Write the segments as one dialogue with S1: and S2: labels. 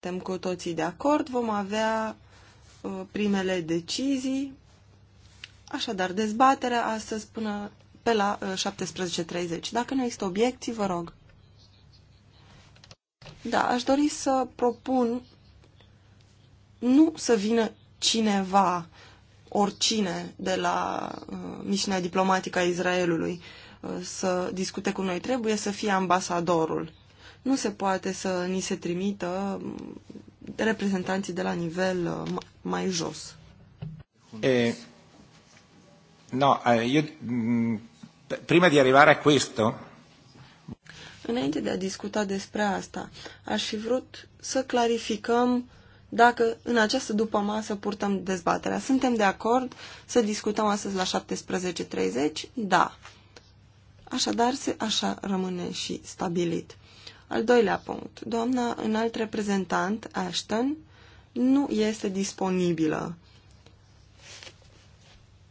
S1: Suntem cu toții de acord, vom avea uh, primele decizii. Așadar, dezbaterea astăzi până pe la 17.30. Uh, Dacă nu există obiecții, vă rog. Da, aș dori să propun nu să vină cineva, oricine, de la uh, misiunea diplomatică a Israelului uh, să discute cu noi. Trebuie să fie ambasadorul. Nu se poate să ni se trimită reprezentanții de la nivel uh, mai jos. E, no, eu, eh, mm, prima de a arriva a questo... Înainte de a discuta despre asta, aș fi vrut să clarificăm dacă în această după masă purtăm dezbaterea. Suntem de acord să discutăm astăzi la 17.30? Da. Așadar, se, așa rămâne și stabilit. Al doilea punct. Doamna înalt reprezentant, Ashton, nu este disponibilă.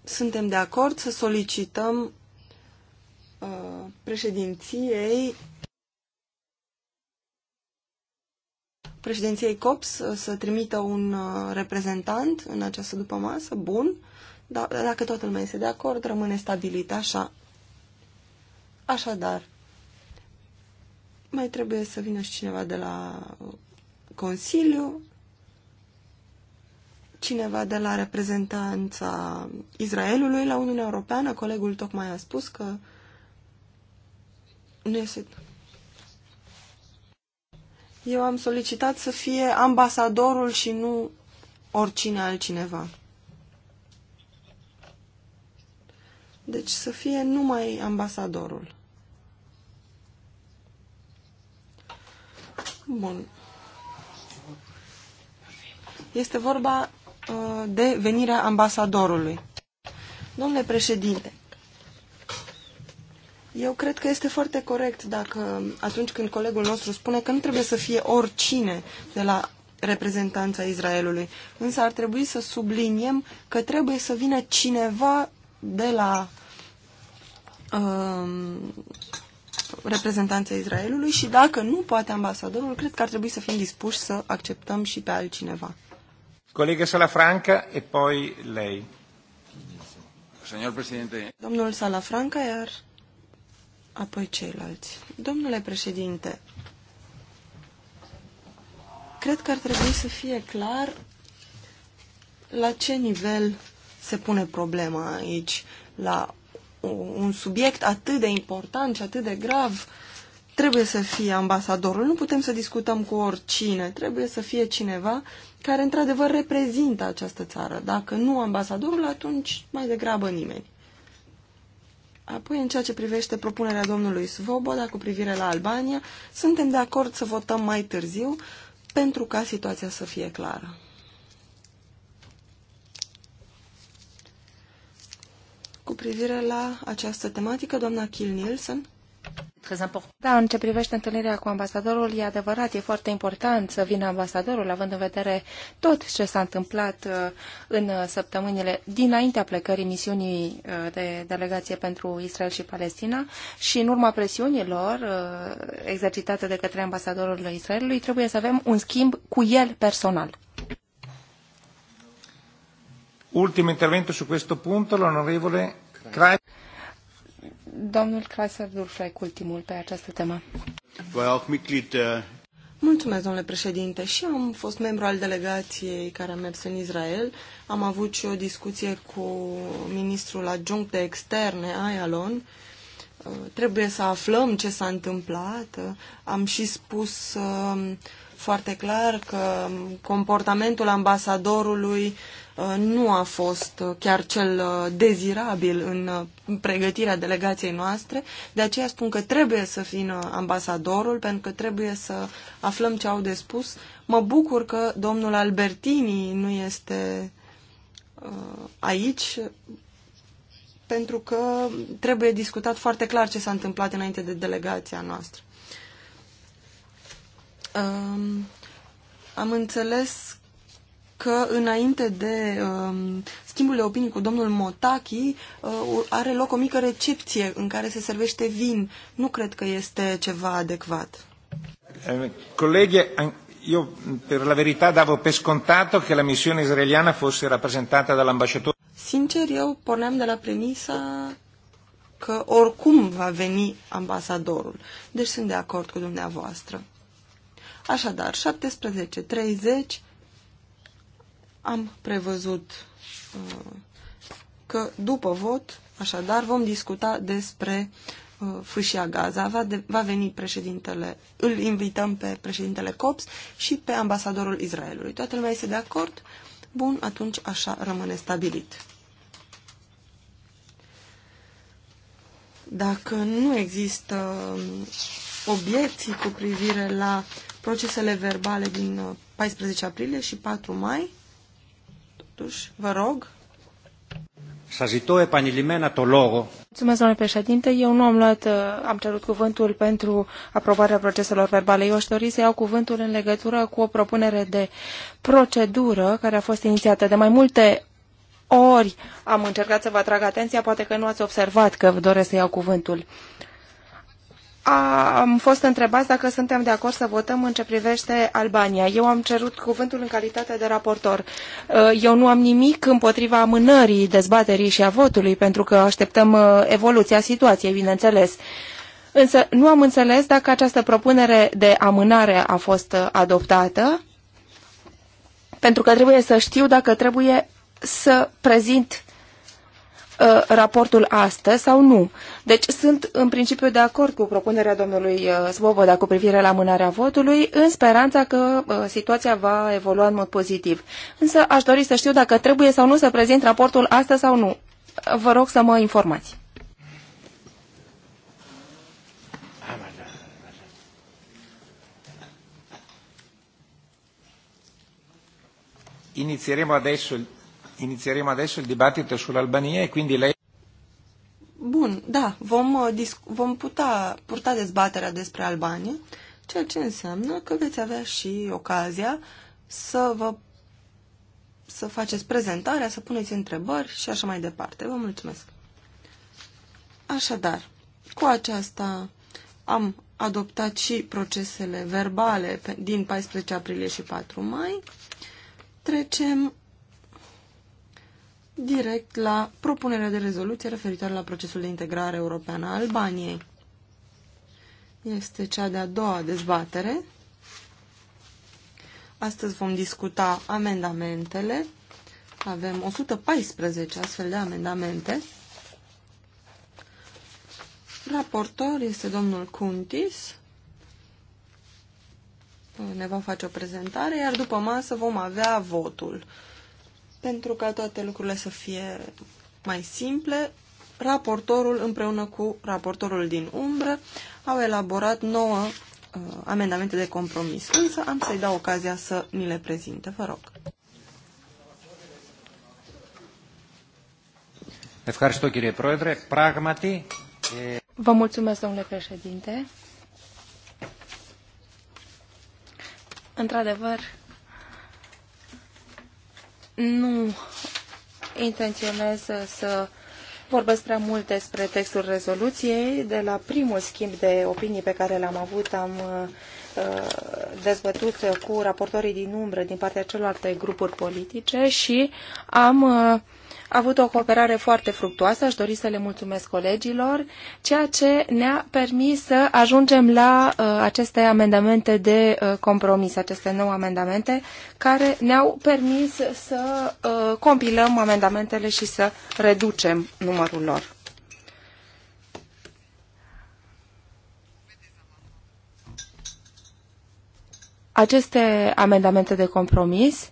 S1: Suntem de acord să solicităm uh, președinției președinției COPS să trimită un uh, reprezentant în această după masă, bun, dar dacă toată lumea este de acord, rămâne stabilit așa. Așadar, mai trebuie să vină și cineva de la Consiliu, cineva de la reprezentanța Israelului la Uniunea Europeană. Colegul tocmai a spus că nu este... Eu am solicitat să fie ambasadorul și nu oricine altcineva. Deci să fie numai ambasadorul. Bun. Este vorba uh, de venirea ambasadorului. Domnule președinte, eu cred că este foarte corect dacă atunci când colegul nostru spune că nu trebuie să fie oricine de la reprezentanța Israelului, însă ar trebui să subliniem că trebuie să vină cineva de la uh, Reprezentanța Israelului și dacă nu poate ambasadorul, cred că ar trebui să fim dispuși să acceptăm și pe altcineva.
S2: Colegă Salafranca e poi lei.
S1: Domnul Salafranca, iar apoi ceilalți. Domnule președinte, cred că ar trebui să fie clar la ce nivel se pune problema aici, la un subiect atât de important și atât de grav trebuie să fie ambasadorul. Nu putem să discutăm cu oricine. Trebuie să fie cineva care într-adevăr reprezintă această țară. Dacă nu ambasadorul, atunci mai degrabă nimeni. Apoi, în ceea ce privește propunerea domnului Svoboda cu privire la Albania, suntem de acord să votăm mai târziu pentru ca situația să fie clară.
S3: cu privire la această tematică, doamna Kil Nielsen. Da, în ce privește întâlnirea cu ambasadorul, e adevărat, e foarte important să vină ambasadorul, având în vedere tot ce s-a întâmplat uh, în săptămânile dinaintea plecării misiunii uh, de delegație pentru Israel și Palestina și în urma presiunilor uh, exercitate de către ambasadorul Israelului, trebuie să avem un schimb cu el personal.
S2: Ultimo intervento su questo punto, l'onorevole Kreis.
S3: Domnul Kreiser Durfleck, ultimul pe această temă. Uh, Mulțumesc, domnule președinte.
S1: Și am fost membru al delegației care a mers în Israel. Am avut și o discuție cu ministrul adjunct de externe, Ayalon. Uh, trebuie să aflăm ce s-a întâmplat. Uh, am și spus foarte clar că comportamentul ambasadorului uh, nu a fost uh, chiar cel uh, dezirabil în pregătirea delegației noastre. De aceea spun că trebuie să vină ambasadorul, pentru că trebuie să aflăm ce au de spus. Mă bucur că domnul Albertini nu este aici, pentru că trebuie discutat foarte clar ce s-a întâmplat înainte de delegația noastră. Um, am înțeles că înainte de um, schimbul de opinii cu domnul Motaki uh, are loc o mică recepție în care se servește vin. Nu cred că este ceva adecvat.
S2: Eh, Colegi, eu, per la verità davo pe scontato che la missione israeliana fosse rappresentata dall'ambasciatore.
S1: Sincer, eu porneam de la premisa că oricum va veni ambasadorul. Deci sunt de acord cu dumneavoastră. Așadar, 17.30 am prevăzut uh, că după vot, așadar, vom discuta despre uh, fâșia Gaza. Va, de, va veni președintele, îl invităm pe președintele COPS și pe ambasadorul Israelului. Toată lumea este de acord? Bun, atunci așa rămâne stabilit. Dacă nu există um, obiecții cu privire la uh, procesele verbale din
S3: 14 uh, aprilie și 4 mai. Totuși, vă rog.
S2: Să zic epaniliment to logo.
S3: Mulțumesc, domnule președinte. Eu nu am luat, uh, am cerut cuvântul pentru aprobarea proceselor verbale. Eu aș dori să iau cuvântul în legătură cu o propunere de procedură care a fost inițiată de mai multe ori am încercat să vă atrag atenția, poate că nu ați observat că vă doresc să iau cuvântul am fost întrebați dacă suntem de acord să votăm în ce privește Albania. Eu am cerut cuvântul în calitate de raportor. Eu nu am nimic împotriva amânării dezbaterii și a votului, pentru că așteptăm evoluția situației, bineînțeles. Însă nu am înțeles dacă această propunere de amânare a fost adoptată, pentru că trebuie să știu dacă trebuie să prezint Uh, raportul astăzi sau nu. Deci sunt în principiu de acord cu propunerea domnului uh, Svoboda cu privire la mânarea votului, în speranța că uh, situația va evolua în mod pozitiv. Însă aș dori să știu dacă trebuie sau nu să prezint raportul astăzi sau nu. Vă rog să mă informați.
S2: Inizieremo adesso il Inizieremo adesso il dibattito sull'Albania e quindi lei...
S1: Bun, da, vom, uh, vom putea purta dezbaterea despre Albania, ceea ce înseamnă că veți avea și ocazia să vă să faceți prezentarea, să puneți întrebări și așa mai departe. Vă mulțumesc! Așadar, cu aceasta am adoptat și procesele verbale din 14 aprilie și 4 mai. Trecem direct la propunerea de rezoluție referitoare la procesul de integrare europeană a Albaniei. Este cea de-a doua dezbatere. Astăzi vom discuta amendamentele. Avem 114 astfel de amendamente. Raportor este domnul Cuntis. Ne va face o prezentare, iar după masă vom avea votul pentru ca toate lucrurile să fie mai simple, raportorul împreună cu raportorul din umbră au elaborat nouă uh, amendamente de compromis, însă am să-i dau ocazia să mi le prezinte. Vă rog.
S3: Vă mulțumesc, domnule președinte. Într-adevăr, nu intenționez să vorbesc prea mult despre textul rezoluției. De la primul schimb de opinii pe care l-am avut, am uh, dezbătut cu raportorii din umbră din partea celorlalte grupuri politice și am uh, a avut o cooperare foarte fructuoasă, aș dori să le mulțumesc colegilor, ceea ce ne-a permis să ajungem la uh, aceste amendamente de uh, compromis, aceste nouă amendamente, care ne-au permis să uh, compilăm amendamentele și să reducem numărul lor. Aceste amendamente de compromis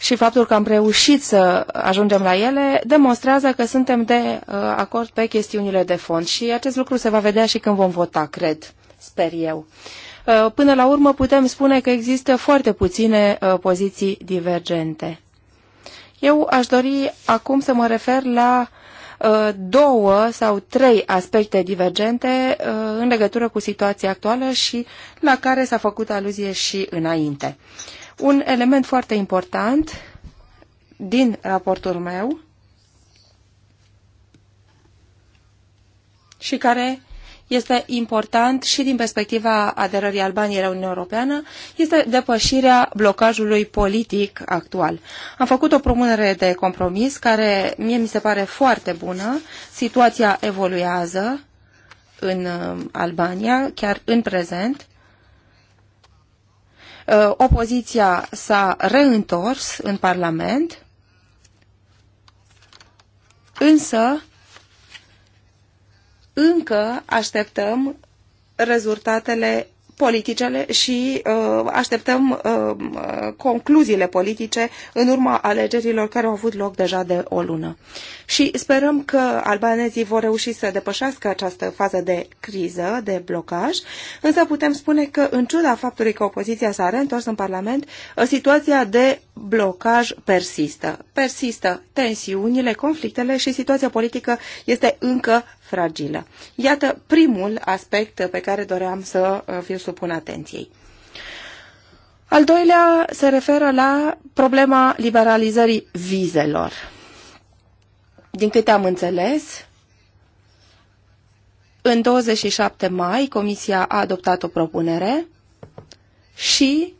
S3: și faptul că am reușit să ajungem la ele demonstrează că suntem de uh, acord pe chestiunile de fond și acest lucru se va vedea și când vom vota, cred, sper eu. Uh, până la urmă putem spune că există foarte puține uh, poziții divergente. Eu aș dori acum să mă refer la două sau trei aspecte divergente în legătură cu situația actuală și la care s-a făcut aluzie și înainte un element foarte important din raportul meu și care este important și din perspectiva aderării Albaniei la Uniunea Europeană, este depășirea blocajului politic actual. Am făcut o propunere de compromis care mie mi se pare foarte bună. Situația evoluează în um, Albania, chiar în prezent. Uh, opoziția s-a reîntors în Parlament, însă încă așteptăm rezultatele politicele și uh, așteptăm uh, concluziile politice în urma alegerilor care au avut loc deja de o lună. Și sperăm că albanezii vor reuși să depășească această fază de criză, de blocaj, însă putem spune că, în ciuda faptului că opoziția s-a reîntors în Parlament, uh, situația de blocaj persistă. Persistă tensiunile, conflictele și situația politică este încă fragilă. Iată primul aspect pe care doream să vi-l uh, supun atenției. Al doilea se referă la problema liberalizării vizelor. Din câte am înțeles, în 27 mai Comisia a adoptat o propunere și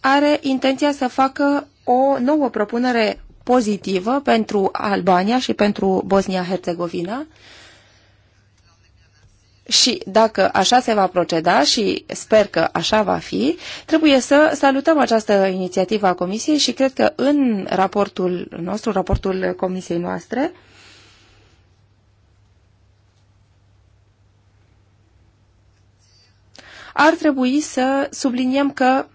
S3: are intenția să facă o nouă propunere pozitivă pentru Albania și pentru Bosnia-Herzegovina și dacă așa se va proceda și sper că așa va fi, trebuie să salutăm această inițiativă a Comisiei și cred că în raportul nostru, raportul Comisiei noastre, ar trebui să subliniem că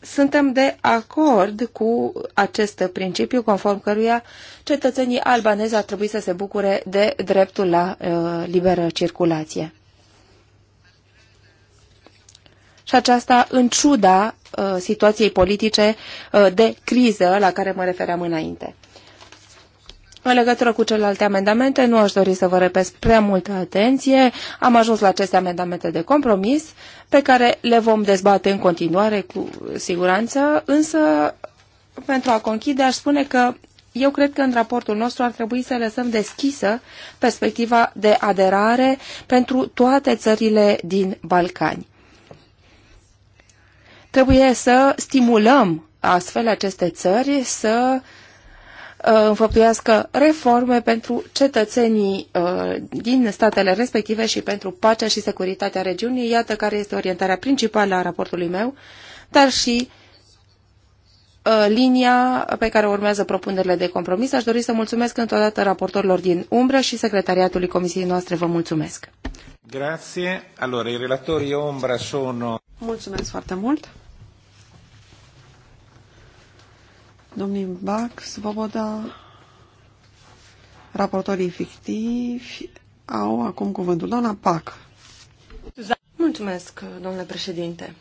S3: suntem de acord cu acest principiu conform căruia cetățenii albanezi ar trebui să se bucure de dreptul la uh, liberă circulație și aceasta în ciuda uh, situației politice uh, de criză la care mă refeream înainte. În legătură cu celelalte amendamente, nu aș dori să vă repesc prea multă atenție. Am ajuns la aceste amendamente de compromis, pe care le vom dezbate în continuare cu siguranță, însă pentru a conchide aș spune că eu cred că în raportul nostru ar trebui să lăsăm deschisă perspectiva de aderare pentru toate țările din Balcani. Trebuie să stimulăm astfel aceste țări să uh, înfăptuiască reforme pentru cetățenii uh, din statele respective și pentru pacea și securitatea regiunii. Iată care este orientarea principală a raportului meu, dar și uh, linia pe care urmează propunerile de compromis. Aș dori să mulțumesc încă o dată raportorilor din umbră și secretariatului comisiei noastre. Vă mulțumesc!
S2: Grazie. Allora, i relatori sono...
S4: Mulțumesc foarte mult! domnii Bac, Svoboda, raportorii fictivi au acum cuvântul. Doamna Pac.
S1: Mulțumesc, domnule președinte.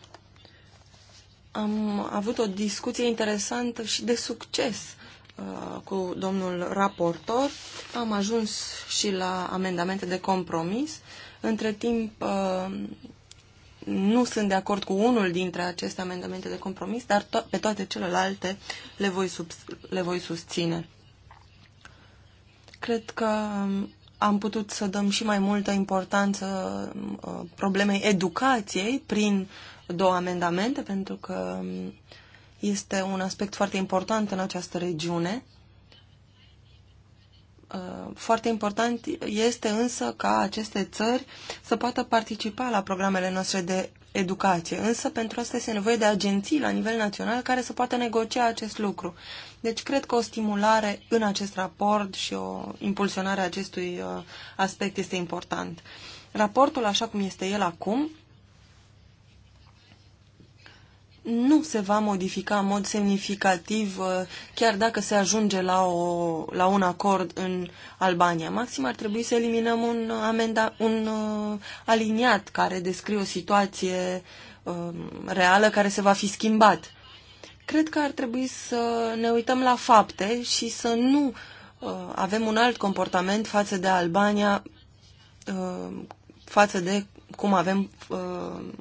S1: Am avut o discuție interesantă și de succes uh, cu domnul raportor. Am ajuns și la amendamente de compromis. Între timp, uh, nu sunt de acord cu unul dintre aceste amendamente de compromis, dar to pe toate celelalte le voi, le voi susține. Cred că um, am putut să dăm și mai multă importanță uh, problemei educației prin două amendamente, pentru că um, este un aspect foarte important în această regiune Uh, foarte important este însă ca aceste țări să poată participa la programele noastre de educație. Însă pentru asta este nevoie de agenții la nivel național care să poată negocia acest lucru. Deci cred că o stimulare în acest raport și o impulsionare a acestui uh, aspect este important. Raportul, așa cum este el acum, nu se va modifica în mod semnificativ uh, chiar dacă se ajunge la, o, la un acord în Albania. Maxim ar trebui să eliminăm un, amenda, un uh, aliniat care descrie o situație uh, reală care se va fi schimbat. Cred că ar trebui să ne uităm la fapte și să nu uh, avem un alt comportament față de Albania, uh, față de cum avem uh,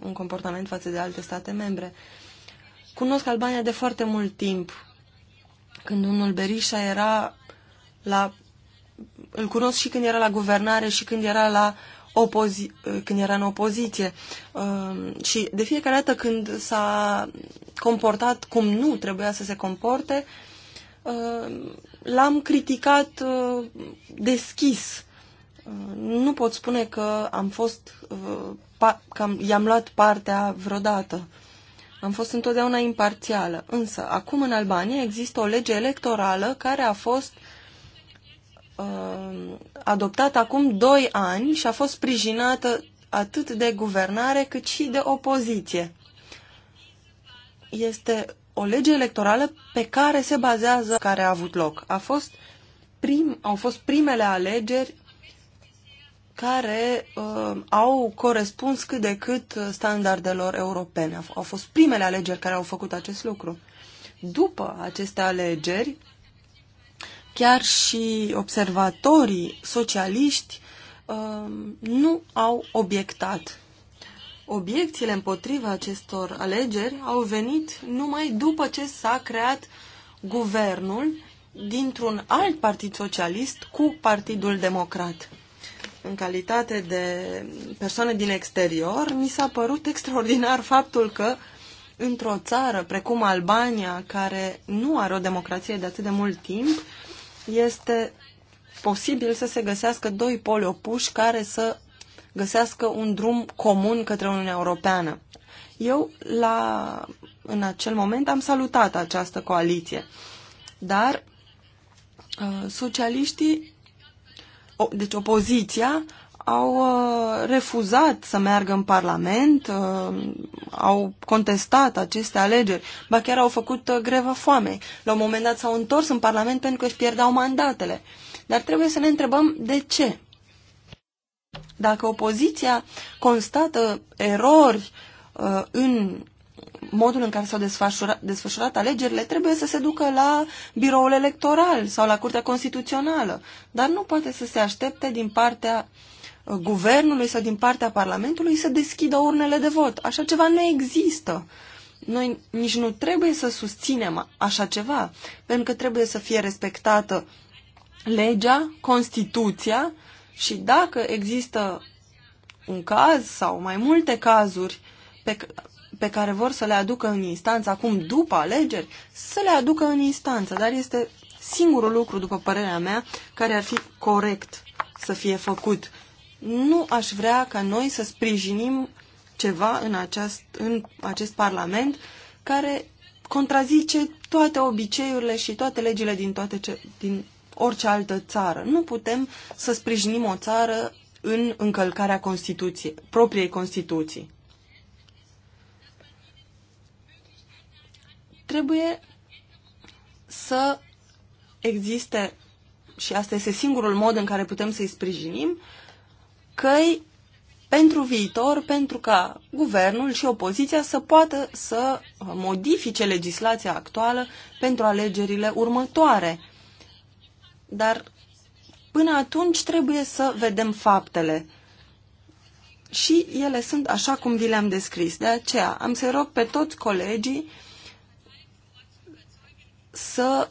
S1: un comportament față de alte state membre. Uh, Cunosc Albania de foarte mult timp. Când unul Berisha era la... Îl cunosc și când era la guvernare și când era la opozi... când era în opoziție. Ehm, și de fiecare dată când s-a comportat cum nu trebuia să se comporte, ehm, l-am criticat ehm, deschis. Nu pot spune că am fost, că i-am luat partea vreodată. Am fost întotdeauna imparțială. Însă, acum în Albania există o lege electorală care a fost uh, adoptată acum doi ani și a fost sprijinată atât de guvernare cât și de opoziție. Este o lege electorală pe care se bazează care a avut loc. A fost prim, au fost primele alegeri care uh, au corespuns cât de cât standardelor europene. Au, fost primele alegeri care au făcut acest lucru. După aceste alegeri, chiar și observatorii socialiști uh, nu au obiectat. Obiecțiile împotriva acestor alegeri au venit numai după ce s-a creat guvernul dintr-un alt partid socialist cu Partidul Democrat în calitate de persoane din exterior, mi s-a părut extraordinar faptul că într-o țară precum Albania, care nu are o democrație de atât de mult timp, este posibil să se găsească doi poli opuși care să găsească un drum comun către Uniunea Europeană. Eu, la, în acel moment, am salutat această coaliție, dar uh, socialiștii deci opoziția au uh, refuzat să meargă în Parlament, uh, au contestat aceste alegeri, ba chiar au făcut uh, grevă foamei. La un moment dat s-au întors în Parlament pentru că își pierdeau mandatele. Dar trebuie să ne întrebăm de ce. Dacă opoziția constată erori uh, în modul în care s-au desfășurat, desfășurat alegerile trebuie să se ducă la biroul electoral sau la Curtea Constituțională, dar nu poate să se aștepte din partea uh, guvernului sau din partea Parlamentului să deschidă urnele de vot. Așa ceva nu există. Noi nici nu trebuie să susținem așa ceva, pentru că trebuie să fie respectată legea, Constituția și dacă există un caz sau mai multe cazuri pe, pe care vor să le aducă în instanță acum după alegeri, să le aducă în instanță, dar este singurul lucru, după părerea mea, care ar fi corect să fie făcut. Nu aș vrea ca noi să sprijinim ceva în, aceast, în acest Parlament care contrazice toate obiceiurile și toate legile din, toate ce, din orice altă țară. Nu putem să sprijinim o țară în încălcarea Constituției, propriei Constituții. Trebuie să existe, și asta este singurul mod în care putem să-i sprijinim, căi pentru viitor, pentru ca guvernul și opoziția să poată să modifice legislația actuală pentru alegerile următoare. Dar până atunci trebuie să vedem faptele. Și ele sunt așa cum vi le-am descris. De aceea am să rog pe toți colegii să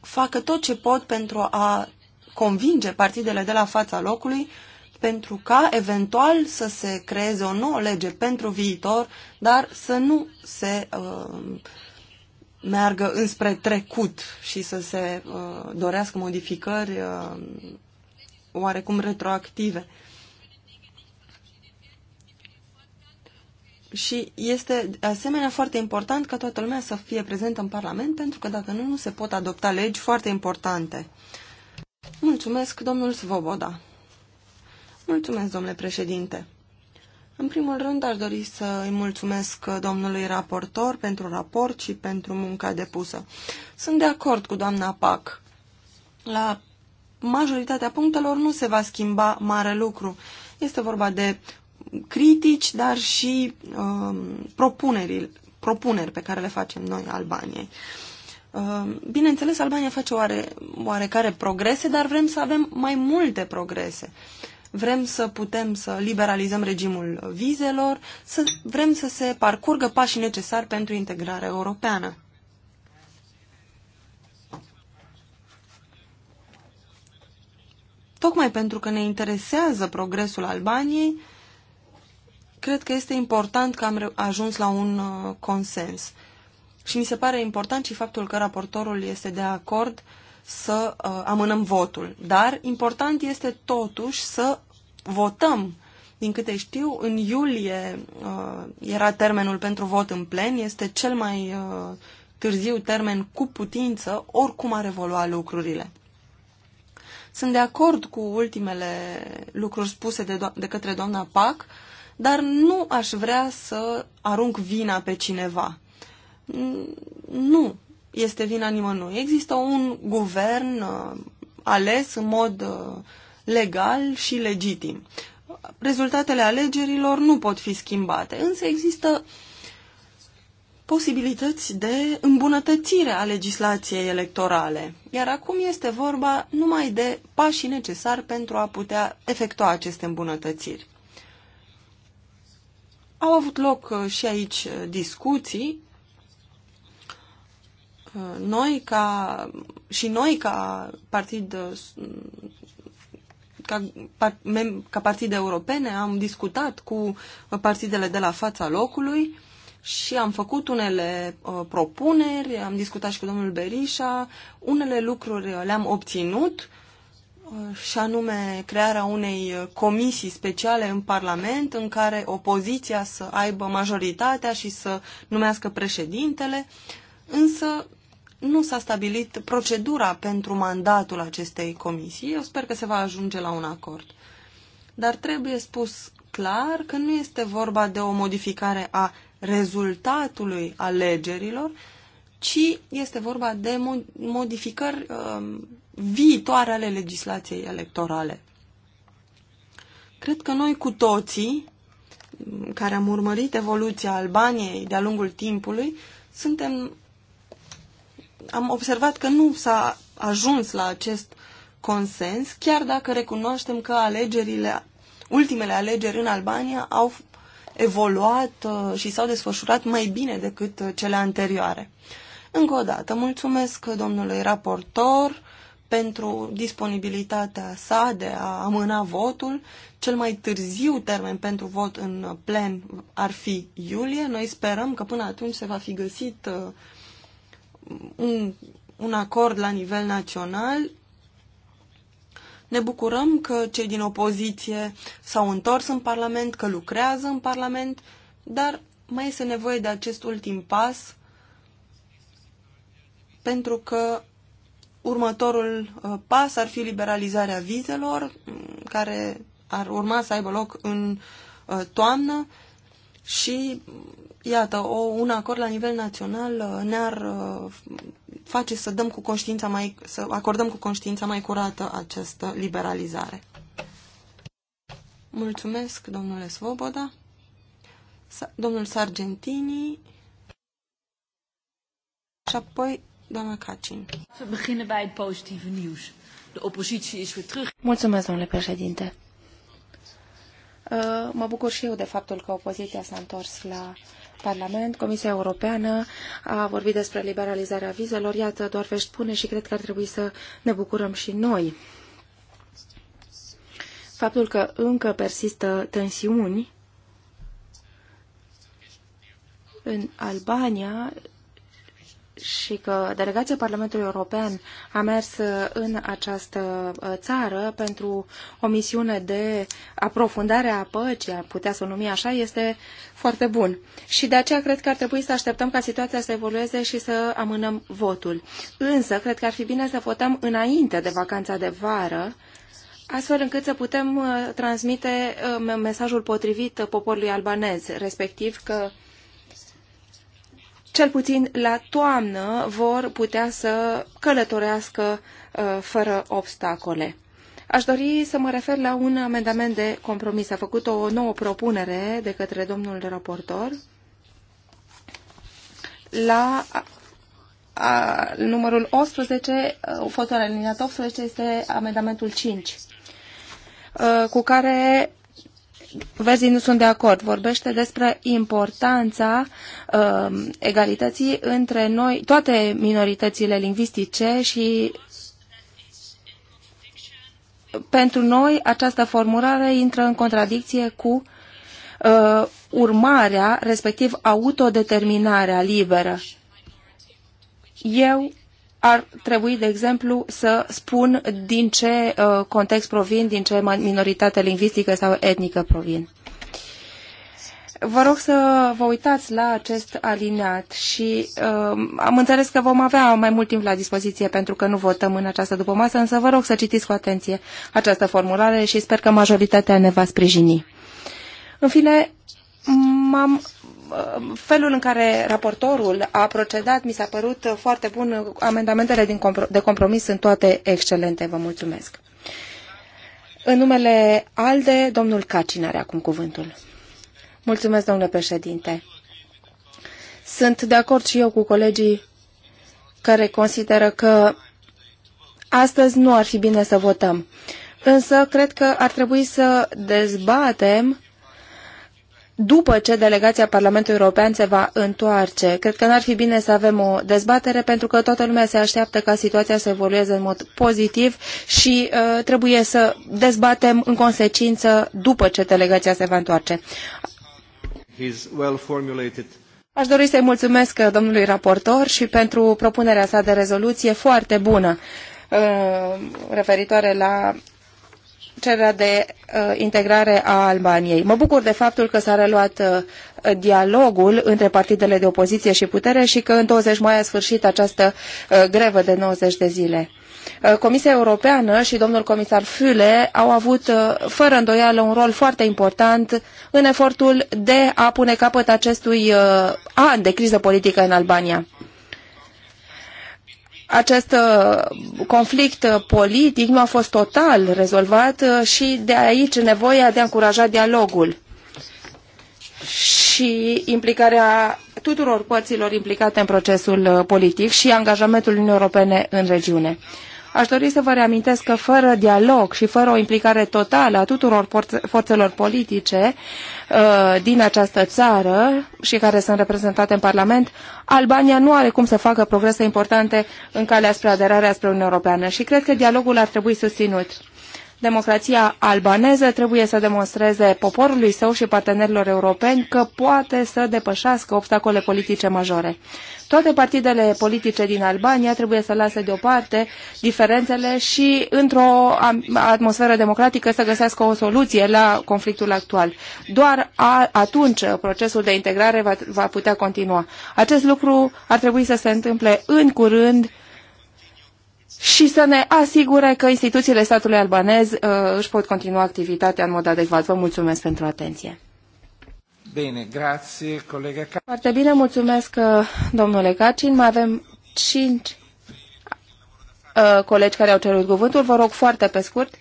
S1: facă tot ce pot pentru a convinge partidele de la fața locului pentru ca eventual să se creeze o nouă lege pentru viitor, dar să nu se uh, meargă înspre trecut și să se uh, dorească modificări uh, oarecum retroactive. Și este de asemenea foarte important ca toată lumea să fie prezentă în Parlament, pentru că dacă nu, nu se pot adopta legi foarte importante. Mulțumesc, domnul Svoboda. Mulțumesc, domnule președinte. În primul rând, aș dori să îi mulțumesc domnului raportor pentru raport și pentru munca depusă. Sunt de acord cu doamna Pac. La majoritatea punctelor nu se va schimba mare lucru. Este vorba de critici, dar și um, propuneri, propuneri pe care le facem noi Albaniei. Um, bineînțeles, Albania face oare, oarecare progrese, dar vrem să avem mai multe progrese. Vrem să putem să liberalizăm regimul vizelor, să, vrem să se parcurgă pașii necesari pentru integrarea europeană. Tocmai pentru că ne interesează progresul Albaniei, cred că este important că am ajuns la un uh, consens. Și mi se pare important și faptul că raportorul este de acord să uh, amânăm votul. Dar important este totuși să votăm. Din câte știu, în iulie uh, era termenul pentru vot în plen, este cel mai uh, târziu termen cu putință, oricum ar evolua lucrurile. Sunt de acord cu ultimele lucruri spuse de, de către doamna Pac, uh, dar nu aș vrea să arunc vina pe cineva. Nu este vina nimănui. Există un guvern uh, ales în mod uh, legal și legitim. Rezultatele alegerilor nu pot fi schimbate, însă există posibilități de îmbunătățire a legislației electorale. Iar acum este vorba numai de pașii necesari pentru a putea efectua aceste îmbunătățiri. Au avut loc uh, și aici uh, discuții. Uh, noi ca, și noi ca partid mm, ca, ca partide europene am discutat cu partidele de la fața locului și am făcut unele uh, propuneri, am discutat și cu domnul Berisha, unele lucruri le-am obținut, și anume crearea unei comisii speciale în Parlament în care opoziția să aibă majoritatea și să numească președintele, însă nu s-a stabilit procedura pentru mandatul acestei comisii. Eu sper că se va ajunge la un acord. Dar trebuie spus clar că nu este vorba de o modificare a rezultatului alegerilor, ci este vorba de modificări um, viitoare ale legislației electorale. Cred că noi cu toții, care am urmărit evoluția Albaniei de-a lungul timpului, suntem, am observat că nu s-a ajuns la acest consens, chiar dacă recunoaștem că alegerile, ultimele alegeri în Albania au evoluat uh, și s-au desfășurat mai bine decât uh, cele anterioare. Încă o dată, mulțumesc domnului raportor, pentru disponibilitatea sa de a amâna votul. Cel mai târziu termen pentru vot în plen ar fi iulie. Noi sperăm că până atunci se va fi găsit uh, un, un acord la nivel național. Ne bucurăm că cei din opoziție s-au întors în Parlament, că lucrează în Parlament, dar mai este nevoie de acest ultim pas pentru că Următorul uh, pas ar fi liberalizarea vizelor, mm, care ar urma să aibă loc în uh, toamnă și, mm, iată, o, un acord la nivel național uh, ne-ar face să dăm cu conștiința mai, să acordăm cu conștiința mai curată această liberalizare. Mulțumesc, domnule Svoboda. Domnul Sargentini. Și apoi doamna Cacin. Să beginnen
S3: bij het positieve nieuws. De opoziție is weer terug. Mulțumesc, domnule președinte. Uh, mă bucur și eu de faptul că opoziția s-a întors la Parlament, Comisia Europeană a vorbit despre liberalizarea vizelor. Iată, doar vești spune și cred că ar trebui să ne bucurăm și noi. Faptul că încă persistă tensiuni în Albania și că delegația Parlamentului European a mers uh, în această uh, țară pentru o misiune de aprofundare a păcii, ar putea să o numi așa, este foarte bun. Și de aceea cred că ar trebui să așteptăm ca situația să evolueze și să amânăm votul. Însă, cred că ar fi bine să votăm înainte de vacanța de vară, astfel încât să putem uh, transmite mesajul potrivit poporului albanez, respectiv că cel puțin la toamnă vor putea să călătorească uh, fără obstacole. Aș dori să mă refer la un amendament de compromis. A făcut o nouă propunere de către domnul raportor la a, numărul 18, fotoarea 18 este amendamentul 5, uh, cu care Verzii nu sunt de acord. Vorbește despre importanța uh, egalității între noi, toate minoritățile lingvistice și pentru noi această formulare intră în contradicție cu uh, urmarea, respectiv autodeterminarea liberă. Eu ar trebui, de exemplu, să spun din ce uh, context provin, din ce minoritate lingvistică sau etnică provin. Vă rog să vă uitați la acest alineat și uh, am înțeles că vom avea mai mult timp la dispoziție pentru că nu votăm în această dupămasă, însă vă rog să citiți cu atenție această formulare și sper că majoritatea ne va sprijini. În fine, m-am felul în care raportorul a procedat mi s-a părut foarte bun. Amendamentele din de compromis sunt toate excelente. Vă mulțumesc. În numele ALDE, domnul Cacin are acum cuvântul. Mulțumesc, domnule președinte. Sunt de acord și eu cu colegii care consideră că astăzi nu ar fi bine să votăm. Însă, cred că ar trebui să dezbatem după ce delegația Parlamentului European se va întoarce. Cred că n-ar fi bine să avem o dezbatere pentru că toată lumea se așteaptă ca situația să evolueze în mod pozitiv și uh, trebuie să dezbatem în consecință după ce delegația se va întoarce. Aș dori să-i mulțumesc domnului raportor și pentru propunerea sa de rezoluție foarte bună uh, referitoare la cererea de uh, integrare a Albaniei. Mă bucur de faptul că s-a reluat uh, dialogul între partidele de opoziție și putere și că în 20 mai a sfârșit această uh, grevă de 90 de zile. Uh, Comisia Europeană și domnul comisar Füle au avut, uh, fără îndoială, un rol foarte important în efortul de a pune capăt acestui uh, an de criză politică în Albania acest uh, conflict uh, politic nu a fost total rezolvat uh, și de aici nevoia de a încuraja dialogul și implicarea tuturor părților implicate în procesul politic și angajamentul Uniunii Europene în regiune. Aș dori să vă reamintesc că fără dialog și fără o implicare totală a tuturor forțelor politice uh, din această țară și care sunt reprezentate în Parlament, Albania nu are cum să facă progrese importante în calea spre aderarea spre Uniunea Europeană și cred că dialogul ar trebui susținut democrația albaneză trebuie să demonstreze poporului său și partenerilor europeni că poate să depășească obstacole politice majore. Toate partidele politice din Albania trebuie să lase deoparte diferențele și, într-o atmosferă democratică, să găsească o soluție la conflictul actual. Doar a, atunci procesul de integrare va, va putea continua. Acest lucru ar trebui să se întâmple în curând și să ne asigure că instituțiile statului albanez uh, își pot continua activitatea în mod adecvat. Vă mulțumesc pentru atenție.
S2: Bine, grație, colega. Foarte
S3: bine, mulțumesc, uh, domnule Cacin. Mai avem cinci uh, colegi care au cerut cuvântul. Vă rog foarte pe scurt.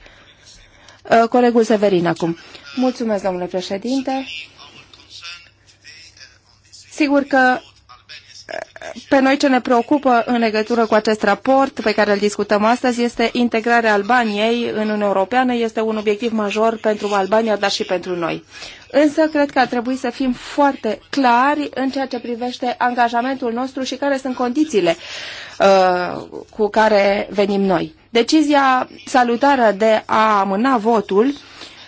S3: Uh, colegul Severin acum. Mulțumesc, domnule președinte. Sigur că pe noi ce ne preocupă în legătură cu acest raport pe care îl discutăm astăzi este integrarea Albaniei în Uniunea Europeană. Este un obiectiv major pentru Albania, dar și pentru noi. Însă, cred că ar trebui să fim foarte clari în ceea ce privește angajamentul nostru și care sunt condițiile uh, cu care venim noi. Decizia salutară de a amâna votul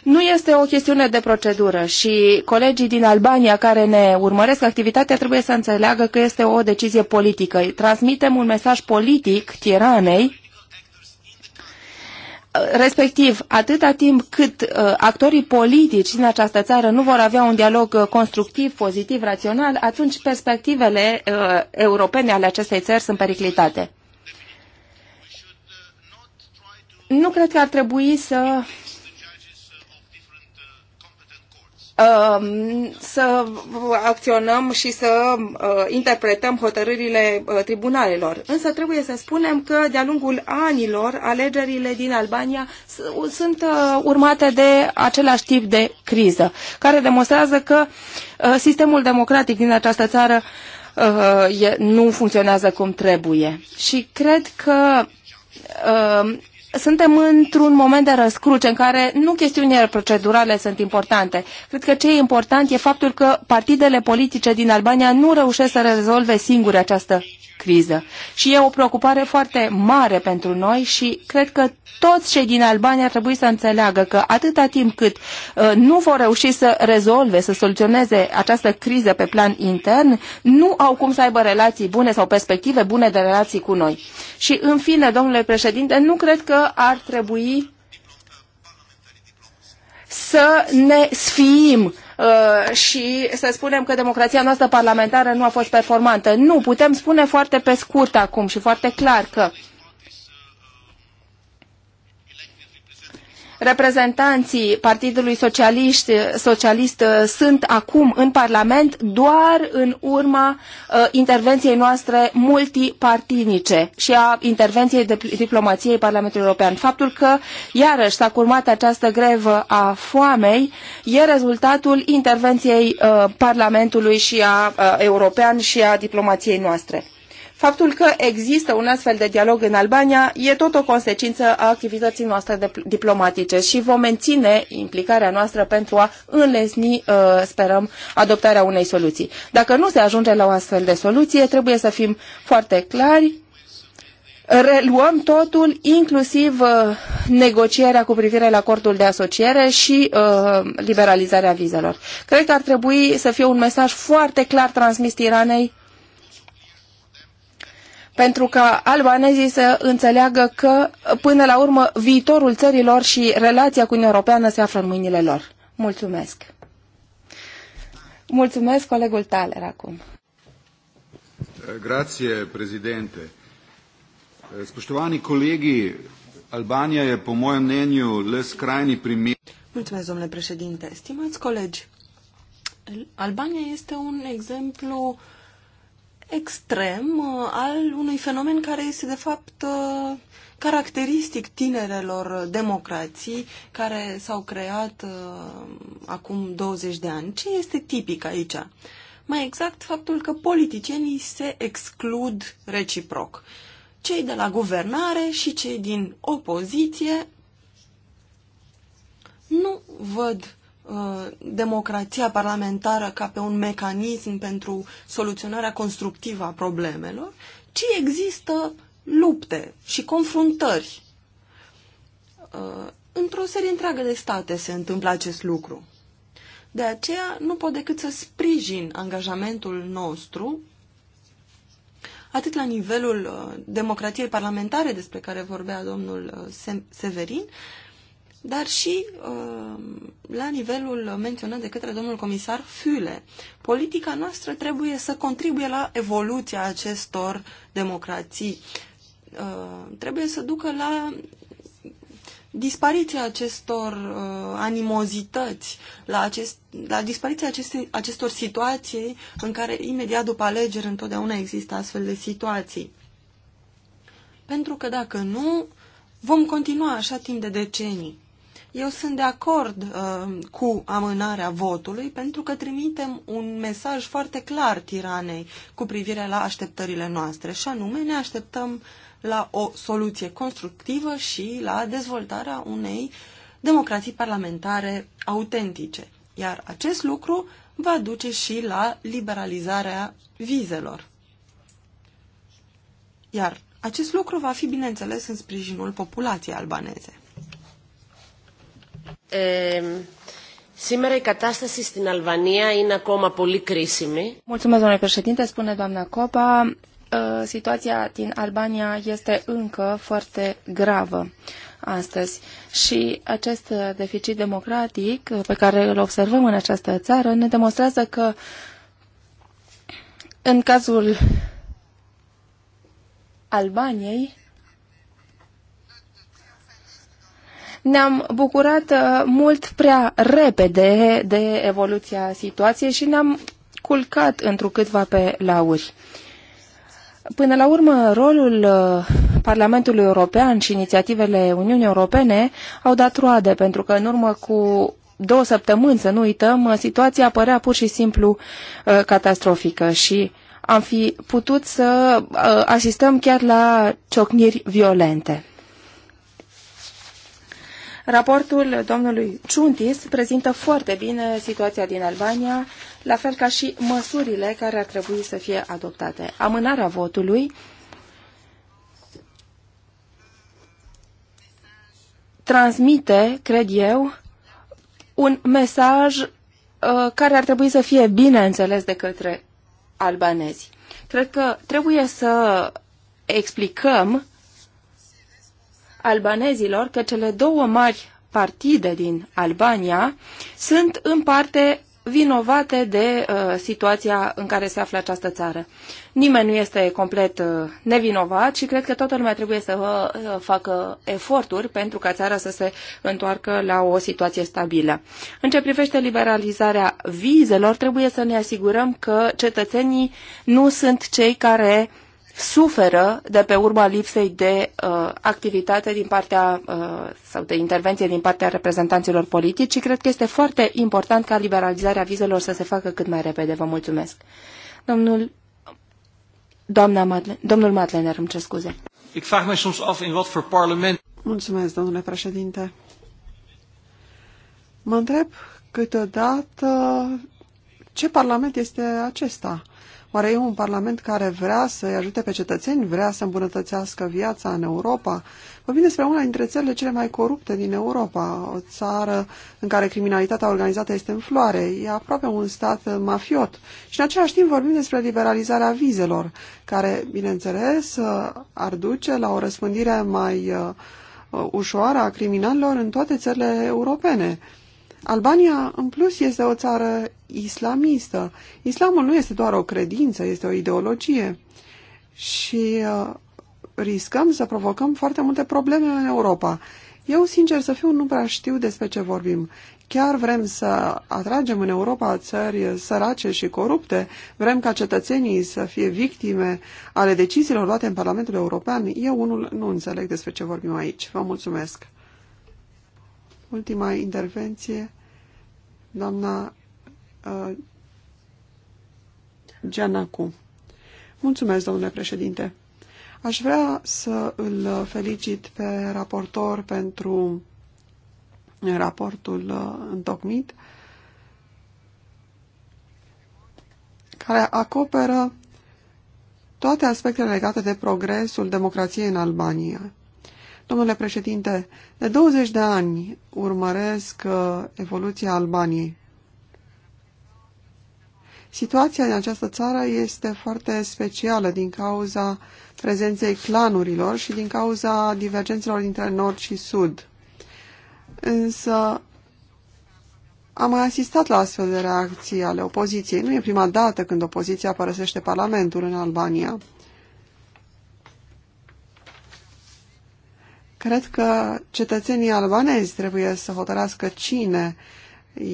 S3: nu este o chestiune de procedură și colegii din Albania care ne urmăresc activitatea trebuie să înțeleagă că este o decizie politică. Transmitem un mesaj politic tiranei respectiv, atâta timp cât uh, actorii politici din această țară nu vor avea un dialog uh, constructiv, pozitiv, rațional, atunci perspectivele uh, europene ale acestei țări sunt periclitate. Nu cred că ar trebui să Um, să acționăm și să uh, interpretăm hotărârile uh, tribunalelor. Însă trebuie să spunem că de-a lungul anilor alegerile din Albania sunt uh, urmate de același tip de criză, care demonstrează că sistemul democratic din această țară nu funcționează cum trebuie. Și cred că suntem într-un moment de răscruce în care nu chestiunile procedurale sunt importante. Cred că ce e important e faptul că partidele politice din Albania nu reușesc să rezolve singure această criză. Și e o preocupare foarte mare pentru noi și cred că toți cei din Albania trebuie să înțeleagă că atâta timp cât uh, nu vor reuși să rezolve, să soluționeze această criză pe plan intern, nu au cum să aibă relații bune sau perspective bune de relații cu noi. Și în fine, domnule președinte, nu cred că ar trebui să ne sfiim Uh, și să spunem că democrația noastră parlamentară nu a fost performantă. Nu, putem spune foarte pe scurt acum și foarte clar că uh, reprezentanții Partidului Socialist, Socialist uh, sunt acum în Parlament doar în urma uh, intervenției noastre multipartinice și a intervenției de diplomației Parlamentului European. Faptul că iarăși s-a curmat această grevă a foamei e rezultatul intervenției uh, Parlamentului și a european și a diplomației noastre. Faptul că există un astfel de dialog în Albania e tot o consecință a activității noastre diplomatice și vom menține implicarea noastră pentru a înlesni, uh, sperăm, adoptarea unei soluții. Dacă nu se ajunge la o astfel de soluție, trebuie să fim foarte clari reluăm totul, inclusiv uh, negocierea cu privire la acordul de asociere și uh, liberalizarea vizelor. Cred că ar trebui să fie un mesaj foarte clar transmis Iranei pentru ca albanezii să înțeleagă că, până la urmă, viitorul țărilor și relația cu Uniunea Europeană se află în mâinile lor. Mulțumesc! Mulțumesc, colegul Taler, acum.
S2: Grație, prezidente. Spoštovani kolegi, Albania e, pe moi mneniu, les skrajni primer.
S1: Mulțumesc, domnule președinte. Stimați colegi, Albania este un exemplu uh, extrem uh, al unui fenomen care este de fapt uh, caracteristic tinerelor democrații care s-au creat uh, acum 20 de ani. Ce este tipic aici? Mai exact faptul că politicienii se exclud reciproc. Cei de la guvernare și cei din opoziție nu văd Uh, democrația parlamentară ca pe un mecanism pentru soluționarea constructivă a problemelor, ci există lupte și confruntări. Uh, într-o serie întreagă de state se întâmplă acest lucru. De aceea nu pot decât să sprijin angajamentul nostru, atât la nivelul uh, democrației parlamentare despre care vorbea domnul Severin, dar și uh, la nivelul menționat de către domnul comisar Fule. Politica noastră trebuie să contribuie la evoluția acestor democrații. Uh, trebuie să ducă la dispariția acestor uh, animozități, la, acest, la dispariția aceste, acestor situații în care imediat după alegeri întotdeauna există astfel de situații. Pentru că dacă nu, vom continua așa timp de decenii. Eu sunt de acord uh, cu amânarea votului pentru că trimitem un mesaj foarte clar tiranei cu privire la așteptările noastre și anume ne așteptăm la o soluție constructivă și la dezvoltarea unei democrații parlamentare autentice. Iar acest lucru va duce și la liberalizarea vizelor. Iar acest lucru va fi, bineînțeles, în
S3: sprijinul populației albaneze. Σήμερα η κατάσταση στην Αλβανία είναι ακόμα πολύ κρίσιμη. Mulțumesc, domnule președinte, spune doamna Copa. Situația din Albania este încă foarte gravă astăzi și acest deficit democratic pe care îl observăm în această țară ne demonstrează că în cazul Albaniei ne-am bucurat uh, mult prea repede de evoluția situației și ne-am culcat întrucâtva pe lauri. Până la urmă, rolul uh, Parlamentului European și inițiativele Uniunii Europene au dat roade, pentru că în urmă cu două săptămâni, să nu uităm, uh, situația părea pur și simplu catastrofică și am fi putut să asistăm chiar la ciocniri violente. Raportul domnului Ciuntis prezintă foarte bine situația din Albania, la fel ca și măsurile care ar trebui să fie adoptate. Amânarea votului transmite, cred eu, un mesaj uh, care ar trebui să fie bine înțeles de către albanezi. Cred că trebuie să explicăm albanezilor că cele două mari partide din Albania sunt în parte vinovate de uh, situația în care se află această țară. Nimeni nu este complet uh, nevinovat și cred că toată lumea trebuie să uh, facă eforturi pentru ca țara să se întoarcă la o situație stabilă. În ce privește liberalizarea vizelor, trebuie să ne asigurăm că cetățenii nu sunt cei care uh, suferă de pe urma lipsei de uh, activitate din partea uh, sau de intervenție din partea reprezentanților politici și cred că este foarte important ca liberalizarea vizelor să se facă cât mai repede. Vă mulțumesc. Domnul Doamna Madlen, domnul Madlener, îmi cer scuze.
S4: Mulțumesc, domnule președinte. Mă întreb câteodată ce parlament este acesta? Oare e un parlament care vrea să-i ajute pe cetățeni, vrea să îmbunătățească viața în Europa? Vorbim despre una dintre țările cele mai corupte din Europa, o țară în care criminalitatea organizată este în floare, e aproape un stat mafiot. Și în același timp vorbim despre liberalizarea vizelor, care, bineînțeles, ar duce la o răspândire mai uh, ușoară a criminalilor în toate țările europene. Albania, în plus, este o țară islamistă. Islamul nu este doar o credință, este o ideologie. Și uh, riscăm să provocăm foarte multe probleme în Europa. Eu, sincer să fiu, nu prea știu despre ce vorbim. Chiar vrem să atragem în Europa țări sărace și corupte? Vrem ca cetățenii să fie victime ale deciziilor luate în Parlamentul European? Eu unul nu înțeleg despre ce vorbim aici. Vă mulțumesc! Ultima intervenție, doamna uh, Gianacu. Mulțumesc, domnule președinte. Aș vrea să îl felicit pe raportor pentru raportul uh, întocmit, care acoperă toate aspectele legate de progresul democrației în Albania. Domnule președinte, de 20 de ani urmăresc uh, evoluția Albaniei. Situația în această țară este foarte specială din cauza prezenței clanurilor și din cauza divergențelor dintre nord și sud. Însă am mai asistat la astfel de reacții ale opoziției. Nu e prima dată când opoziția părăsește Parlamentul în Albania. Cred că cetățenii albanezi trebuie să hotărască cine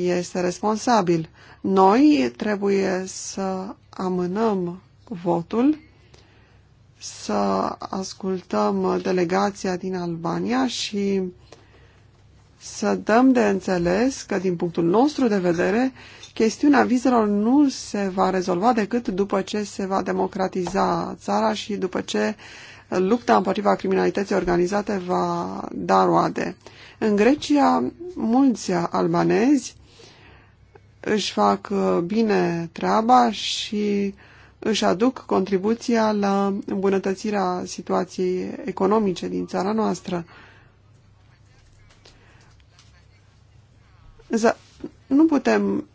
S4: este responsabil. Noi trebuie să amânăm votul, să ascultăm delegația din Albania și să dăm de înțeles că, din punctul nostru de vedere, chestiunea vizelor nu se va rezolva decât după ce se va democratiza țara și după ce lupta împotriva criminalității organizate va da roade. În Grecia, mulți albanezi își fac uh, bine treaba și își aduc contribuția la îmbunătățirea situației economice din țara noastră. Însă nu putem,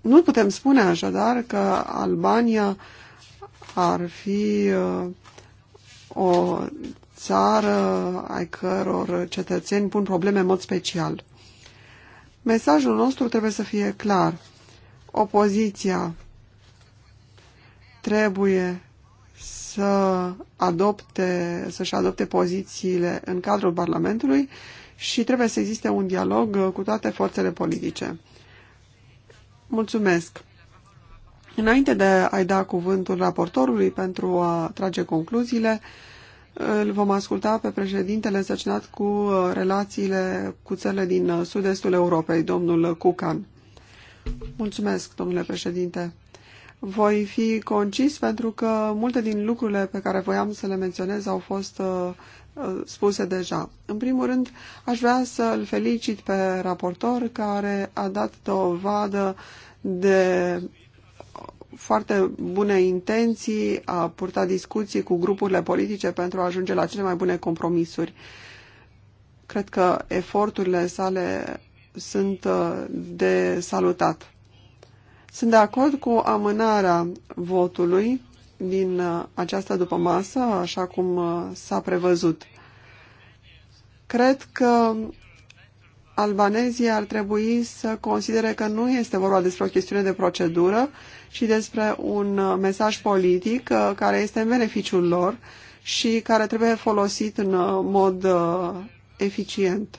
S4: nu putem spune așadar că Albania ar fi uh, o țară ai căror cetățeni pun probleme în mod special. Mesajul nostru trebuie să fie clar. Opoziția trebuie să adopte, să-și adopte pozițiile în cadrul Parlamentului și trebuie să existe un dialog cu toate forțele politice. Mulțumesc! Înainte de a-i da cuvântul raportorului pentru a trage concluziile, îl vom asculta pe președintele însăcinat cu uh, relațiile cu țările din uh, sud-estul Europei, domnul Cucan. Mulțumesc, domnule președinte. Voi fi concis pentru că multe din lucrurile pe care voiam să le menționez au fost uh, uh spuse deja. În primul rând, aș vrea să îl felicit pe raportor care a dat dovadă de foarte bune intenții, a purtat discuții cu grupurile politice pentru a ajunge la cele mai bune compromisuri. Cred că eforturile sale sunt uh, de salutat. Sunt de acord cu amânarea votului din uh, această dupămasă, așa cum uh, s-a prevăzut. Cred că albanezii ar trebui să considere că nu este vorba despre o chestiune de procedură, ci despre un mesaj politic uh, care este în beneficiul lor și care trebuie folosit în uh, mod uh, eficient.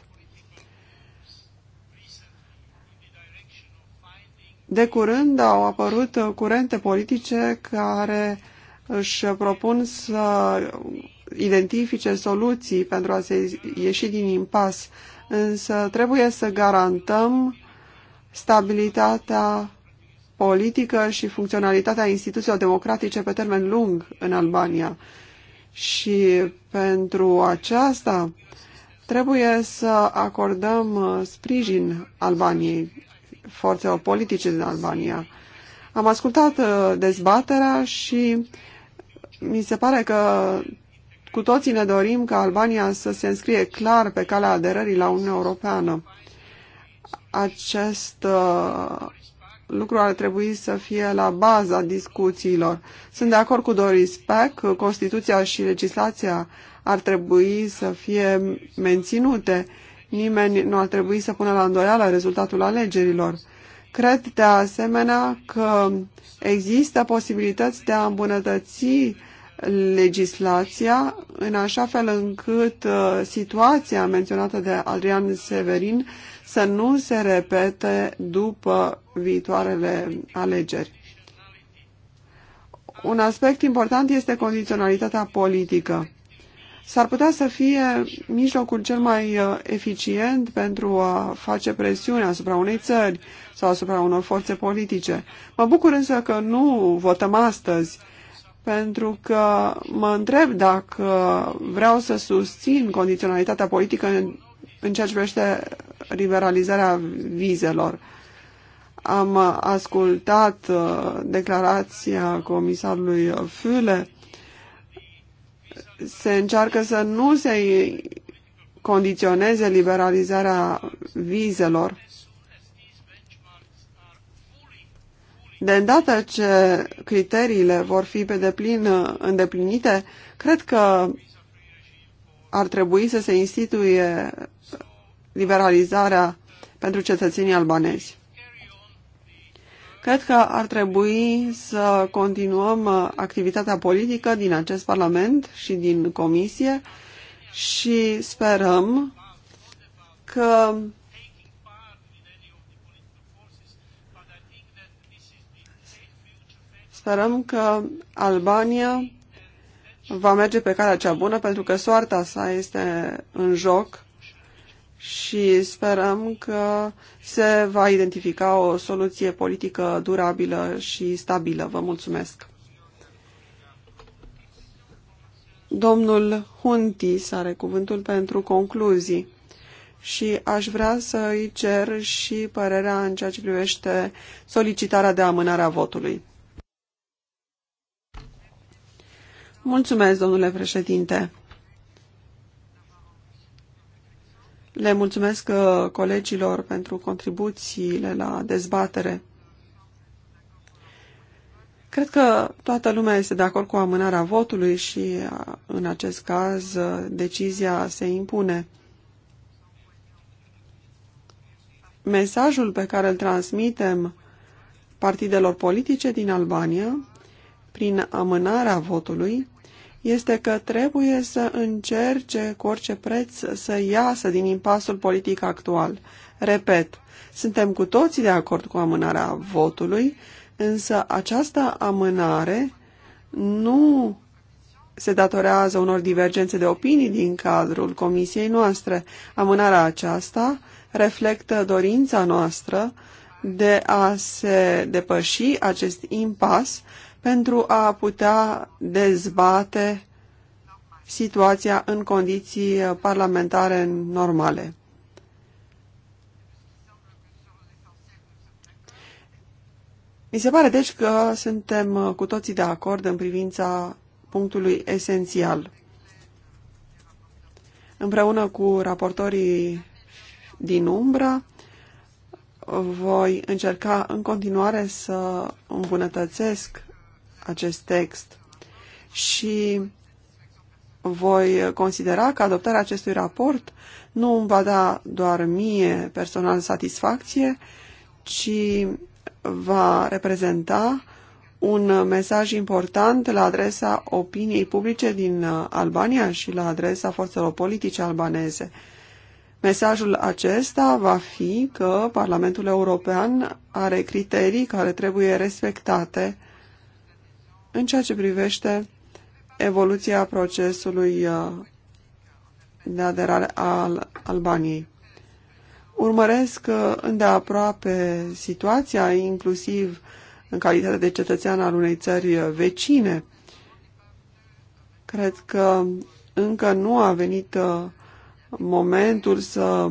S4: De curând au apărut curente politice care își propun să identifice soluții pentru a se ieși din impas însă trebuie să garantăm stabilitatea politică și funcționalitatea instituțiilor democratice pe termen lung în Albania. Și pentru aceasta trebuie să acordăm sprijin Albaniei, forțelor politice din Albania. Am ascultat uh, dezbaterea și mi se pare că cu toții ne dorim ca Albania să se înscrie clar pe calea aderării la Uniunea Europeană. Acest uh, lucru ar trebui să fie la baza discuțiilor. Sunt de acord cu Doris Peck, Constituția și legislația ar trebui să fie menținute. Nimeni nu ar trebui să pună la îndoială rezultatul alegerilor. Cred de asemenea că există posibilități de a îmbunătăți legislația în așa fel încât uh, situația menționată de Adrian Severin să nu se repete după viitoarele alegeri. Un aspect important este condiționalitatea politică. S-ar putea să fie mijlocul cel mai uh, eficient pentru a face presiune asupra unei țări sau asupra unor forțe politice. Mă bucur însă că nu votăm astăzi pentru că mă întreb dacă vreau să susțin condiționalitatea politică în, în ceea ce privește liberalizarea vizelor. Am ascultat uh, declarația comisarului Füle. Se încearcă să nu se condiționeze liberalizarea vizelor De îndată ce criteriile vor fi pe deplin îndeplinite, cred că ar trebui să se instituie liberalizarea pentru cetățenii albanezi. Cred că ar trebui să continuăm activitatea politică din acest Parlament și din Comisie și sperăm că Sperăm că Albania va merge pe calea cea bună pentru că soarta sa este în joc și sperăm că se va identifica o soluție politică durabilă și stabilă. Vă mulțumesc! Domnul Huntis are cuvântul pentru concluzii și aș vrea să îi cer și părerea în ceea ce privește solicitarea de amânare a votului. Mulțumesc, domnule președinte. Le mulțumesc uh, colegilor pentru contribuțiile la dezbatere. Cred că toată lumea este de acord cu amânarea votului și, uh, în acest caz, uh, decizia se impune. Mesajul pe care îl transmitem partidelor politice din Albania, prin amânarea votului, este că trebuie să încerce cu orice preț să iasă din impasul politic actual. Repet, suntem cu toții de acord cu amânarea votului, însă această amânare nu se datorează unor divergențe de opinii din cadrul comisiei noastre. Amânarea aceasta reflectă dorința noastră de a se depăși acest impas pentru a putea dezbate situația în condiții parlamentare normale. Mi se pare deci că suntem cu toții de acord în privința punctului esențial. Împreună cu raportorii din umbră, voi încerca în continuare să îmbunătățesc acest text și voi considera că adoptarea acestui raport nu îmi va da doar mie personal satisfacție, ci va reprezenta un mesaj important la adresa opiniei publice din Albania și la adresa forțelor politice albaneze. Mesajul acesta va fi că Parlamentul European are criterii care trebuie respectate în ceea ce privește evoluția procesului uh, de aderare al Albaniei. Urmăresc uh, îndeaproape situația, inclusiv în calitate de cetățean al unei țări uh, vecine. Cred că încă nu a venit momentul să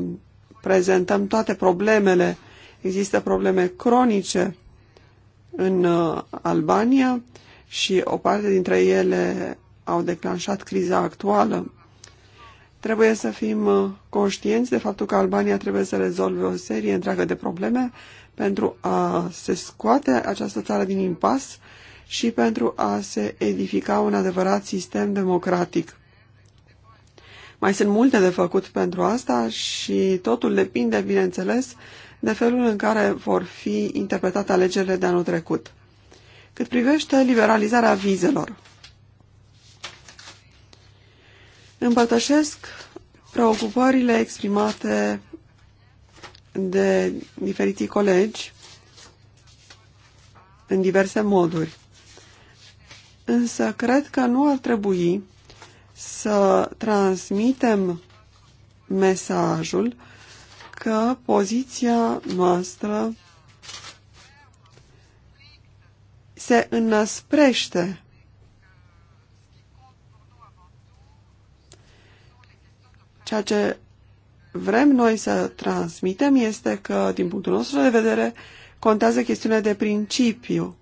S4: prezentăm toate problemele. Există probleme cronice în Albania și o parte dintre ele au declanșat criza actuală. Trebuie să fim uh, conștienți de faptul că Albania trebuie să rezolve o serie întreagă de probleme pentru a se scoate această țară din impas și pentru a se edifica un adevărat sistem democratic. Mai sunt multe de făcut pentru asta și totul depinde, bineînțeles, de felul în care vor fi interpretate alegerile de anul trecut cât privește liberalizarea vizelor. Împărtășesc preocupările exprimate de diferiții colegi în diverse moduri. Însă cred că nu ar trebui să transmitem mesajul că poziția noastră se înăsprește. Ceea ce vrem noi să transmitem este că, din punctul nostru de vedere, contează chestiunea de principiu.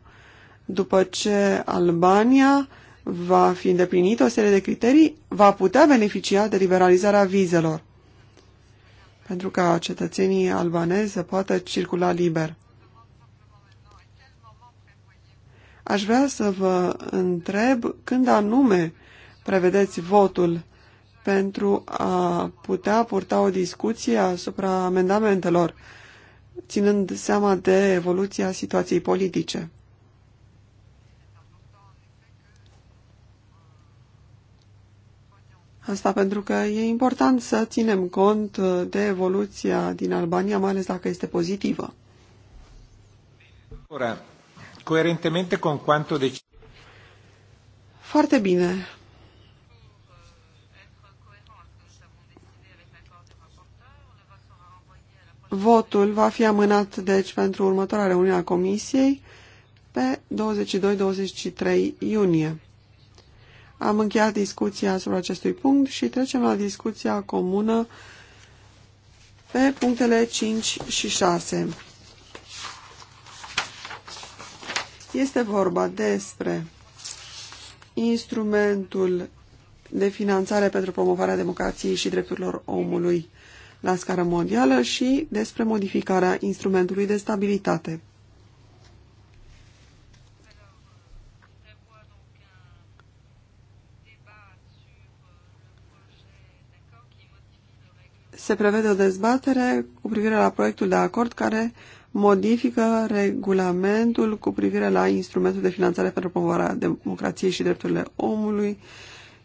S4: După ce Albania va fi îndeplinit o serie de criterii, va putea beneficia de liberalizarea vizelor, pentru ca cetățenii albanezi să poată circula liber. Aș vrea să vă întreb când anume prevedeți votul pentru a putea purta o discuție asupra amendamentelor, ținând seama de evoluția situației politice. Asta pentru că e important să ținem cont de evoluția din Albania, mai ales dacă este pozitivă.
S2: Ora, coerentemente con quanto
S4: Foarte bine. Votul va fi amânat, deci, pentru următoarea reuniune a Comisiei pe 22-23 iunie. Am încheiat discuția asupra acestui punct și trecem la discuția comună pe punctele 5 și 6. Este vorba despre instrumentul de finanțare pentru promovarea democrației și drepturilor omului la scară mondială și despre modificarea instrumentului de stabilitate. Se prevede o dezbatere cu privire la proiectul de acord care modifică regulamentul cu privire la instrumentul de finanțare pentru promovarea democrației și drepturile omului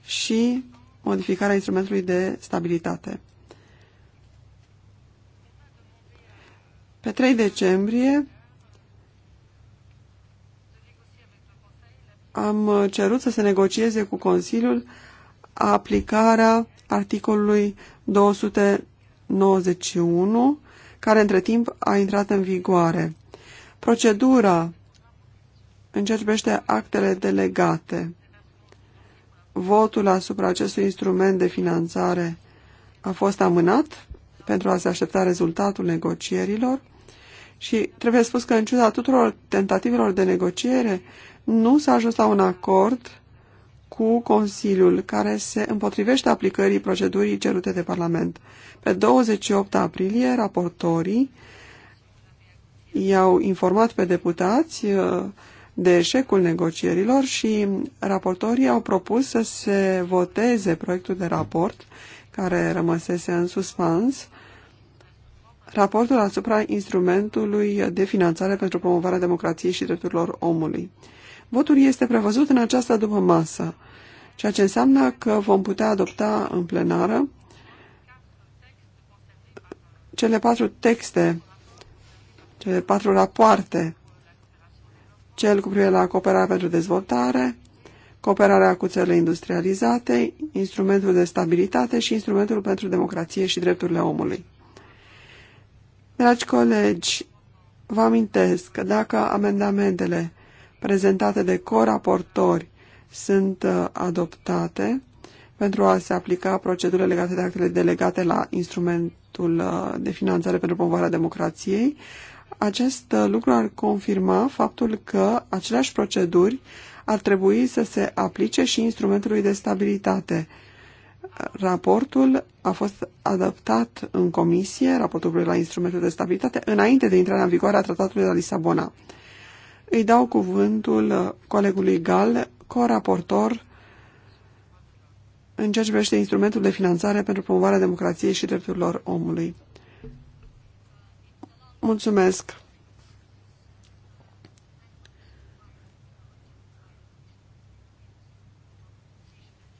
S4: și modificarea instrumentului de stabilitate. Pe 3 decembrie am cerut să se negocieze cu Consiliul aplicarea articolului 291 care între timp a intrat în vigoare. Procedura în actele delegate. Votul asupra acestui instrument de finanțare a fost amânat pentru a se aștepta rezultatul negocierilor și trebuie spus că în ciuda tuturor tentativelor de negociere nu s-a ajuns la un acord cu Consiliul, care se împotrivește aplicării procedurii cerute de Parlament. Pe 28 aprilie, raportorii i-au informat pe deputați uh, de eșecul negocierilor și raportorii au propus să se voteze proiectul de raport care rămăsese în suspans, raportul asupra instrumentului de finanțare pentru promovarea democrației și drepturilor omului. Votul este prevăzut în această după masă, ceea ce înseamnă că vom putea adopta în plenară cele patru texte, cele patru rapoarte, cel cu privire la cooperarea pentru dezvoltare, cooperarea cu țările industrializate, instrumentul de stabilitate și instrumentul pentru democrație și drepturile omului. Dragi colegi, vă amintesc că dacă amendamentele prezentate de coraportori sunt uh, adoptate pentru a se aplica procedurile legate de actele delegate la instrumentul uh, de finanțare pentru promovarea democrației. Acest uh, lucru ar confirma faptul că aceleași proceduri ar trebui să se aplice și instrumentului de stabilitate. Raportul a fost adaptat în comisie, raportul la instrumentul de stabilitate, înainte de intrarea în vigoare a tratatului de la Lisabona. Îi dau cuvântul uh, colegului Gal, coraportor în ceea ce privește instrumentul de finanțare pentru promovarea democrației și drepturilor omului. Mulțumesc!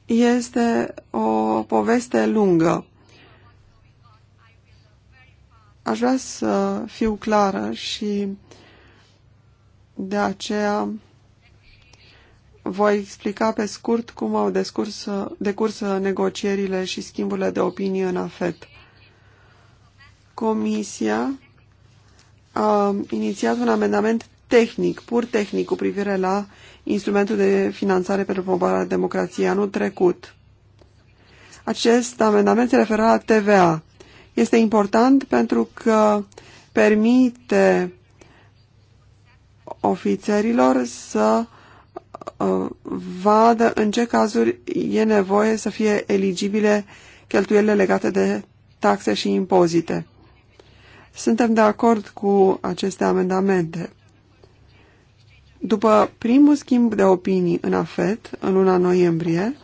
S4: Este o poveste lungă. Aș vrea să fiu clară și de aceea voi explica pe scurt cum au descurs, decurs negocierile și schimburile de opinie în AFET. Comisia a inițiat un amendament tehnic, pur tehnic, cu privire la instrumentul de finanțare pentru promovarea democrației anul trecut. Acest amendament se referă la TVA. Este important pentru că permite ofițerilor să uh, vadă în ce cazuri e nevoie să fie eligibile cheltuielile legate de taxe și impozite. Suntem de acord cu aceste amendamente. După primul schimb de opinii în AFET, în luna noiembrie,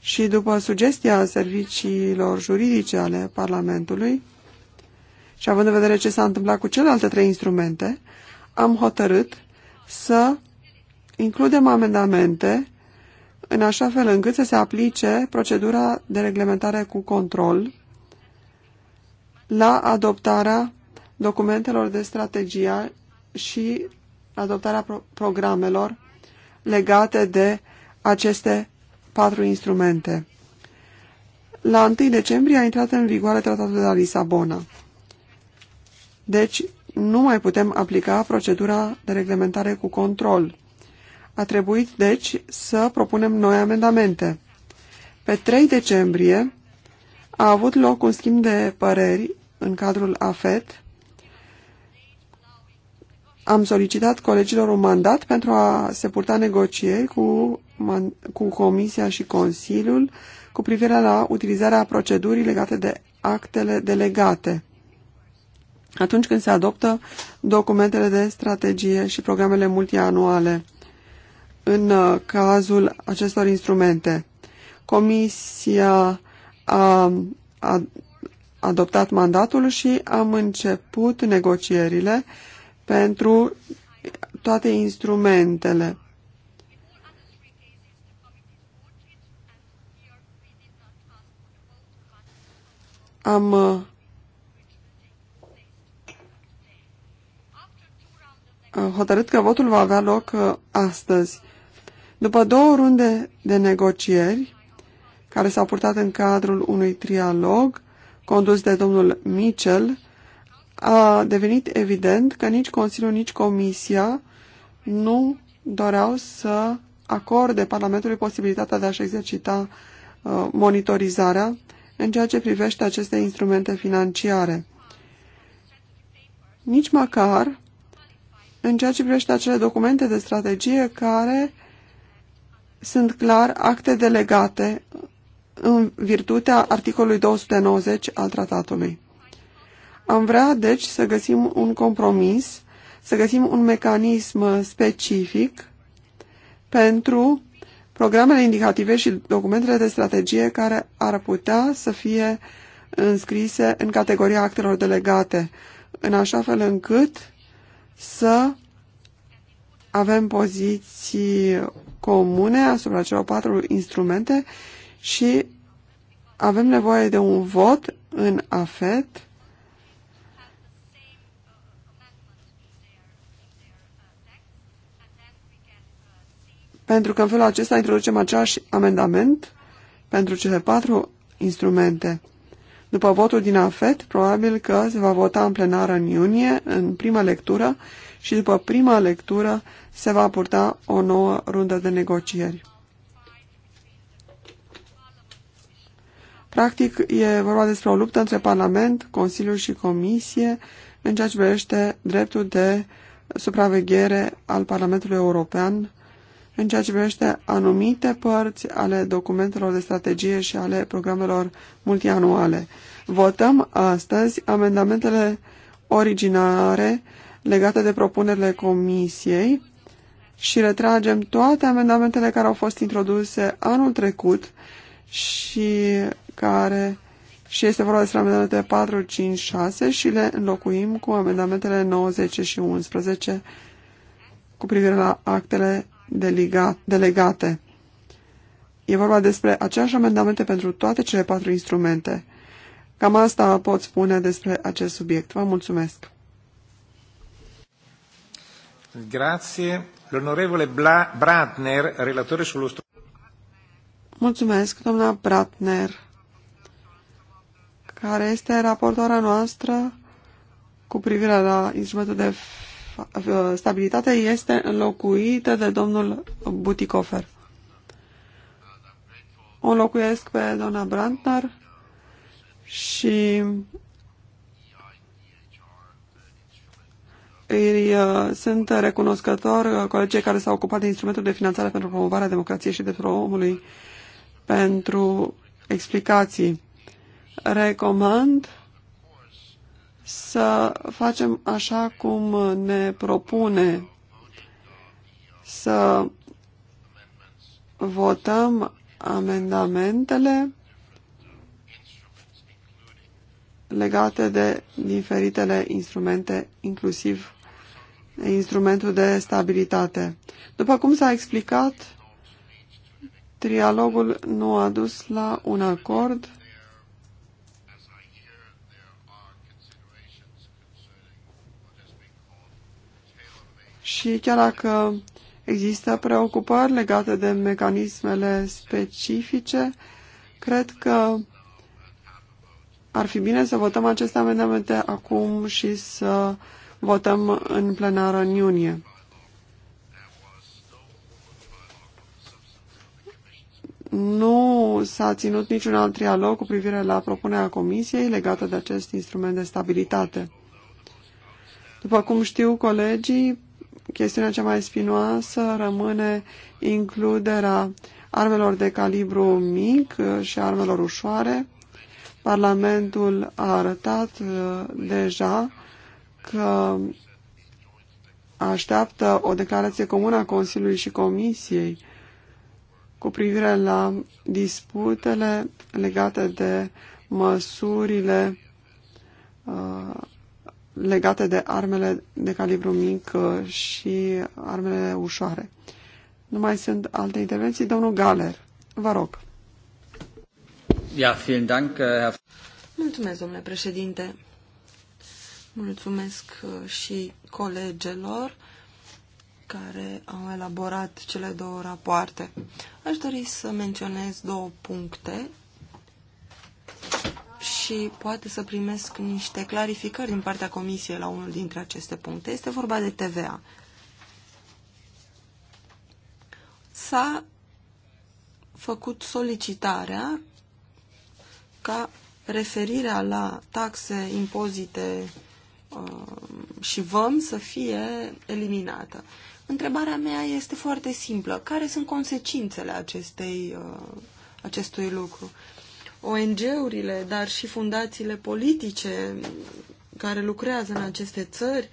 S4: și după sugestia serviciilor juridice ale Parlamentului, și având în vedere ce s-a întâmplat cu celelalte trei instrumente, am hotărât să includem amendamente în așa fel încât să se aplice procedura de reglementare cu control la adoptarea documentelor de strategia și adoptarea pro programelor legate de aceste patru instrumente. La 1 decembrie a intrat în vigoare tratatul de la Lisabona. Deci, nu mai putem aplica procedura de reglementare cu control. A trebuit, deci, să propunem noi amendamente. Pe 3 decembrie a avut loc un schimb de păreri în cadrul AFET. Am solicitat colegilor un mandat pentru a se purta negocieri cu, cu Comisia și Consiliul cu privire la utilizarea procedurii legate de actele delegate atunci când se adoptă documentele de strategie și programele multianuale. În uh, cazul acestor instrumente, Comisia a, a adoptat mandatul și am început negocierile pentru toate instrumentele. Am uh, hotărât că votul va avea loc uh, astăzi. După două runde de negocieri, care s-au purtat în cadrul unui trialog condus de domnul Mitchell, a devenit evident că nici Consiliul, nici Comisia nu doreau să acorde Parlamentului posibilitatea de a-și exercita uh, monitorizarea în ceea ce privește aceste instrumente financiare. Nici măcar în ceea ce privește acele documente de strategie care sunt clar acte delegate în virtutea articolului 290 al tratatului. Am vrea, deci, să găsim un compromis, să găsim un mecanism specific pentru programele indicative și documentele de strategie care ar putea să fie înscrise în categoria actelor delegate, în așa fel încât să avem poziții comune asupra celor patru instrumente și avem nevoie de un vot în afet pentru că în felul acesta introducem același amendament pentru cele patru instrumente. După votul din AFET, probabil că se va vota în plenară în iunie, în prima lectură, și după prima lectură se va purta o nouă rundă de negocieri. Practic, e vorba despre o luptă între Parlament, Consiliu și Comisie în ceea ce privește dreptul de supraveghere al Parlamentului European în ceea ce privește anumite părți ale documentelor de strategie și ale programelor multianuale. Votăm astăzi amendamentele originare legate de propunerile Comisiei și retragem toate amendamentele care au fost introduse anul trecut și care și este vorba despre amendamentele 4, 5, 6 și le înlocuim cu amendamentele 90 și 11 cu privire la actele delegate. E vorba despre aceeași amendamente pentru toate cele patru instrumente. Cam asta pot spune despre acest subiect. Vă mulțumesc.
S2: Grazie. L'onorevole Bratner, relatore sullo
S4: Mulțumesc, doamna Bratner, care este raportoarea noastră cu privire la instrumentul de Uh, stabilitate este înlocuită de domnul Buticofer. O înlocuiesc pe doamna Brandner și îi uh, sunt recunoscător uh, colegii care s-au ocupat de instrumentul de finanțare pentru promovarea democrației și drepturilor omului pentru explicații. Recomand să facem așa cum ne propune să votăm amendamentele legate de diferitele instrumente, inclusiv instrumentul de stabilitate. După cum s-a explicat, trialogul nu a dus la un acord și chiar dacă există preocupări legate de mecanismele specifice, cred că ar fi bine să votăm aceste amendamente acum și să votăm în plenară în iunie. Nu s-a ținut niciun alt trialog cu privire la propunerea Comisiei legată de acest instrument de stabilitate. După cum știu colegii, chestiunea cea mai spinoasă rămâne includerea armelor de calibru mic uh, și armelor ușoare. Parlamentul a arătat uh, deja că așteaptă o declarație comună a Consiliului și Comisiei cu privire la disputele legate de măsurile uh, legate de armele de calibru mic uh, și armele ușoare. Nu mai sunt alte intervenții. Domnul Galer, vă rog.
S1: Ja, vielen Dank, uh, Mulțumesc, domnule președinte. Mulțumesc uh, și colegelor care au elaborat cele două rapoarte. Aș dori să menționez două puncte și poate să primesc niște clarificări din partea Comisiei la unul dintre aceste puncte. Este vorba de TVA. S-a făcut solicitarea ca referirea la taxe, impozite uh, și văm să fie eliminată. Întrebarea mea este foarte simplă. Care sunt consecințele acestei, uh, acestui lucru? ONG-urile, dar și fundațiile politice care lucrează în aceste țări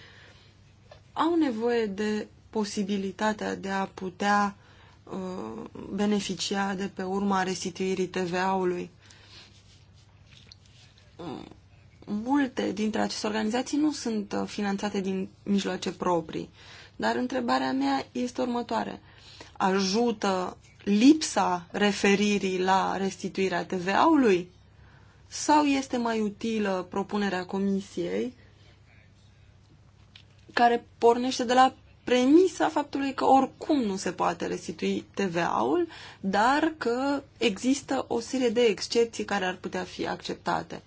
S1: au nevoie de posibilitatea de a putea uh, beneficia de pe urma restituirii TVA-ului. Multe dintre aceste organizații nu sunt uh, finanțate din mijloace proprii, dar întrebarea mea este următoare. Ajută lipsa referirii la restituirea TVA-ului? Sau este mai utilă propunerea comisiei care pornește de la premisa faptului că oricum nu se poate restitui TVA-ul, dar că există o serie de excepții care ar putea fi acceptate.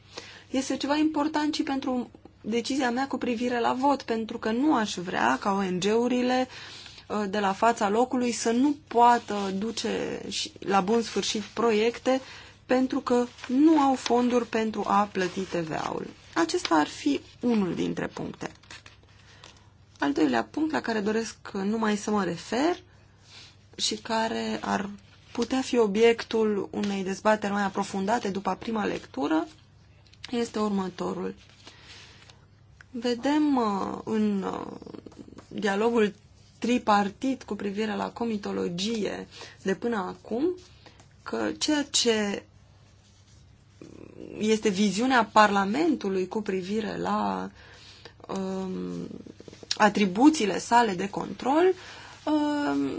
S1: Este ceva important și pentru decizia mea cu privire la vot, pentru că nu aș vrea ca ONG-urile uh, Uh, de la fața locului să nu poată duce la bun sfârșit proiecte pentru că nu au fonduri pentru a plăti TVA-ul. Acesta ar fi unul dintre puncte. Al doilea punct la care doresc numai să mă refer și care ar putea fi obiectul unei dezbateri mai aprofundate după prima lectură este următorul. Vedem uh, în uh, dialogul tripartit cu privire la comitologie de până acum, că ceea ce este viziunea Parlamentului cu privire la um, atribuțiile sale de control um,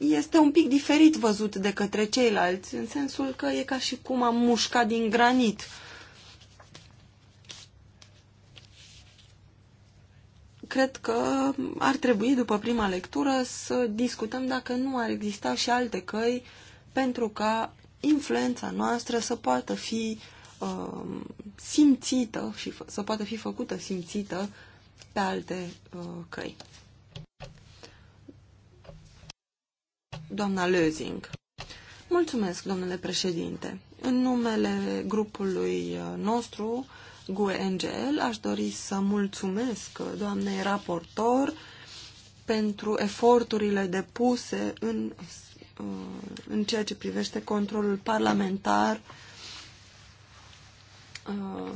S1: este un pic diferit văzut de către ceilalți, în sensul că e ca și cum am mușcat din granit uh, cred că ar trebui, după prima lectură, să discutăm dacă nu ar exista și alte căi pentru ca influența noastră să poată fi uh, simțită și să poată fi făcută simțită pe alte uh, căi. Doamna Lezing. Mulțumesc, domnule președinte. În numele grupului uh, nostru, uh, gue Angel, aș dori să mulțumesc doamnei raportor pentru eforturile depuse în, uh, în ceea ce privește controlul parlamentar, uh,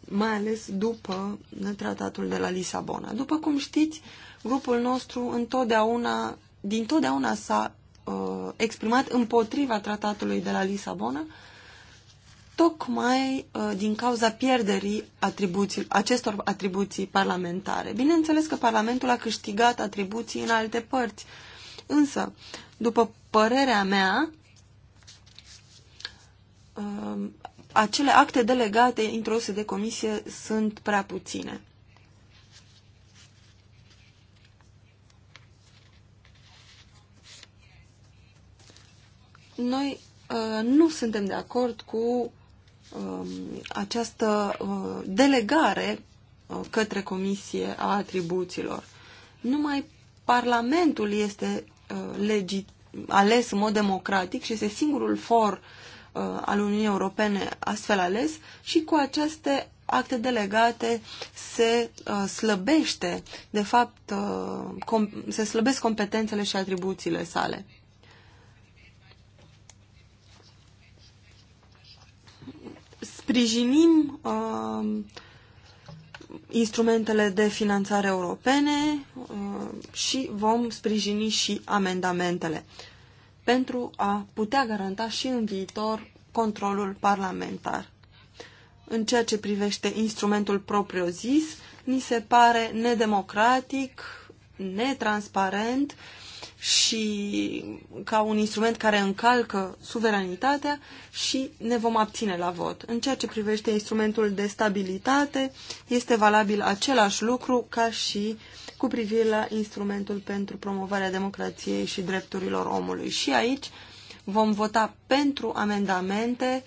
S1: mai ales după tratatul de la Lisabona. După cum știți, grupul nostru întotdeauna, din totdeauna s-a uh, exprimat împotriva tratatului de la Lisabona, tocmai uh, din cauza pierderii atribuții, acestor atribuții parlamentare. Bineînțeles că Parlamentul a câștigat atribuții în alte părți, însă, după părerea mea, uh, acele acte delegate introduse de comisie sunt prea puține. Noi uh, nu suntem de acord cu Um, această uh, delegare uh, către Comisie a atribuțiilor. Numai Parlamentul este uh, legit, ales în mod democratic și este singurul for al Uniunii Europene astfel ales și cu aceste acte delegate se slăbește, de fapt, se slăbesc competențele și atribuțiile sale. sprijinim uh, instrumentele de finanțare europene uh, și vom sprijini și amendamentele pentru a putea garanta și în viitor controlul parlamentar. În ceea ce privește instrumentul propriu-zis, ni se pare nedemocratic, netransparent și ca un instrument care încalcă suveranitatea și ne vom abține la vot. În ceea ce privește instrumentul de stabilitate, este valabil același lucru ca și cu privire la instrumentul pentru promovarea democrației și drepturilor omului. Și aici vom vota pentru amendamente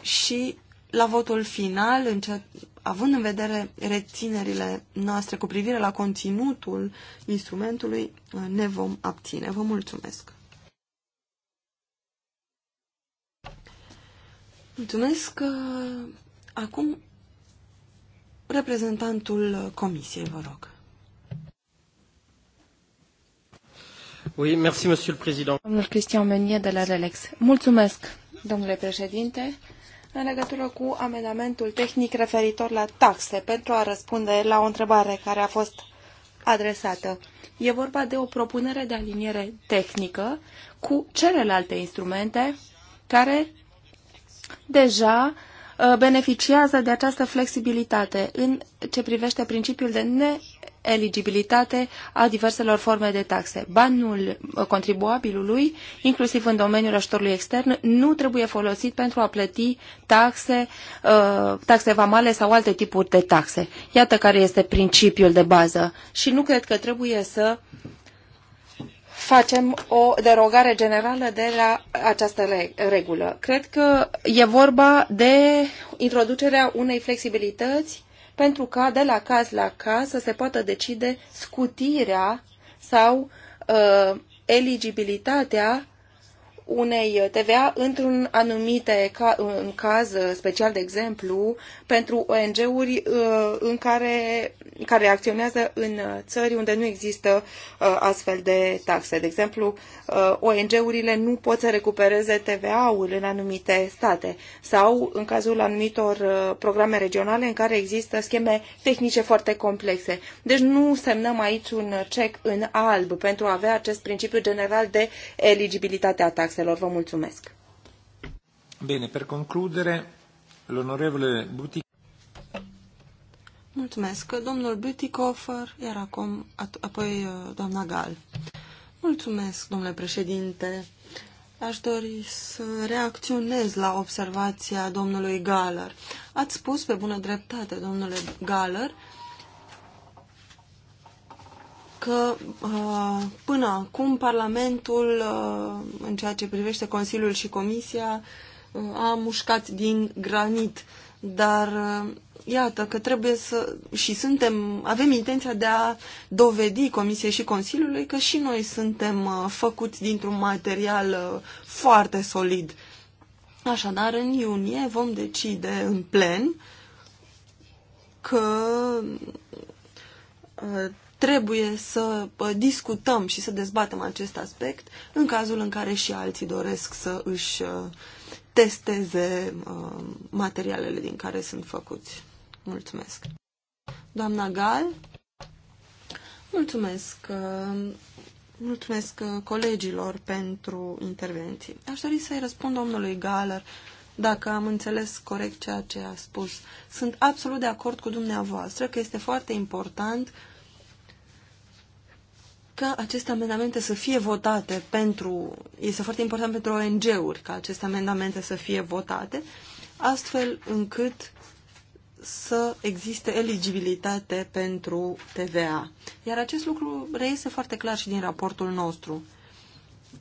S1: și la votul final, în ceea, având în vedere reținerile noastre cu privire la conținutul instrumentului, uh, ne vom abține. Vă mulțumesc! Mulțumesc! Uh, acum,
S3: reprezentantul Comisiei, vă rog.
S5: Oui, merci, Monsieur le Président.
S3: Domnul Cristian Menier de la Relex. Mulțumesc, domnule președinte în legătură cu amendamentul tehnic referitor la taxe pentru a răspunde la o întrebare care a fost adresată. E vorba de o propunere de aliniere tehnică cu celelalte instrumente care deja uh, beneficiază de această flexibilitate în ce privește principiul de ne eligibilitate a diverselor forme de taxe. Banul contribuabilului, inclusiv în domeniul ajutorului extern, nu trebuie folosit pentru a plăti taxe, uh, taxe vamale sau alte tipuri de taxe. Iată care este principiul de bază și nu cred că trebuie să facem o derogare generală de la această regulă. Cred că e vorba de introducerea unei flexibilități pentru ca de la caz la caz să se poată decide scutirea sau uh, eligibilitatea unei TVA într-un anumite ca, în caz special, de exemplu, pentru ONG-uri uh, în care, care acționează în uh, țări unde nu există uh, astfel de taxe. De exemplu, ONG-urile nu pot să recupereze TVA-ul în anumite state sau în cazul anumitor programe regionale în care există scheme tehnice foarte complexe. Deci nu semnăm aici un cec în alb pentru a avea acest principiu general de eligibilitate a taxelor. Vă mulțumesc!
S2: Bine, per concludere,
S1: Mulțumesc. Domnul Butikofer, iar acum, apoi uh, doamna Gal. Mulțumesc, domnule președinte. Aș dori să reacționez la observația domnului Galer. Ați spus pe bună dreptate, domnule Galer, că uh, până acum Parlamentul, uh, în ceea ce privește Consiliul și Comisia, Uh, a mușcat din granit, dar uh, iată că trebuie să și suntem, avem intenția de a dovedi Comisiei și Consiliului că și noi suntem uh, făcuți dintr-un material foarte solid. Așadar, în iunie vom decide în plen că trebuie să discutăm și să dezbatem acest aspect în cazul în care și alții doresc să își testeze uh, materialele din care sunt făcuți. Mulțumesc. Doamna Gal, mulțumesc, uh, mulțumesc uh, colegilor pentru intervenții. Aș dori să-i răspund domnului Galer, dacă am înțeles corect ceea ce a spus. Sunt absolut de acord cu dumneavoastră că este foarte important ca aceste amendamente să fie votate pentru, este foarte important pentru ONG-uri ca aceste amendamente să fie votate, astfel încât să existe eligibilitate pentru TVA. Iar acest lucru reiese foarte clar și din raportul nostru.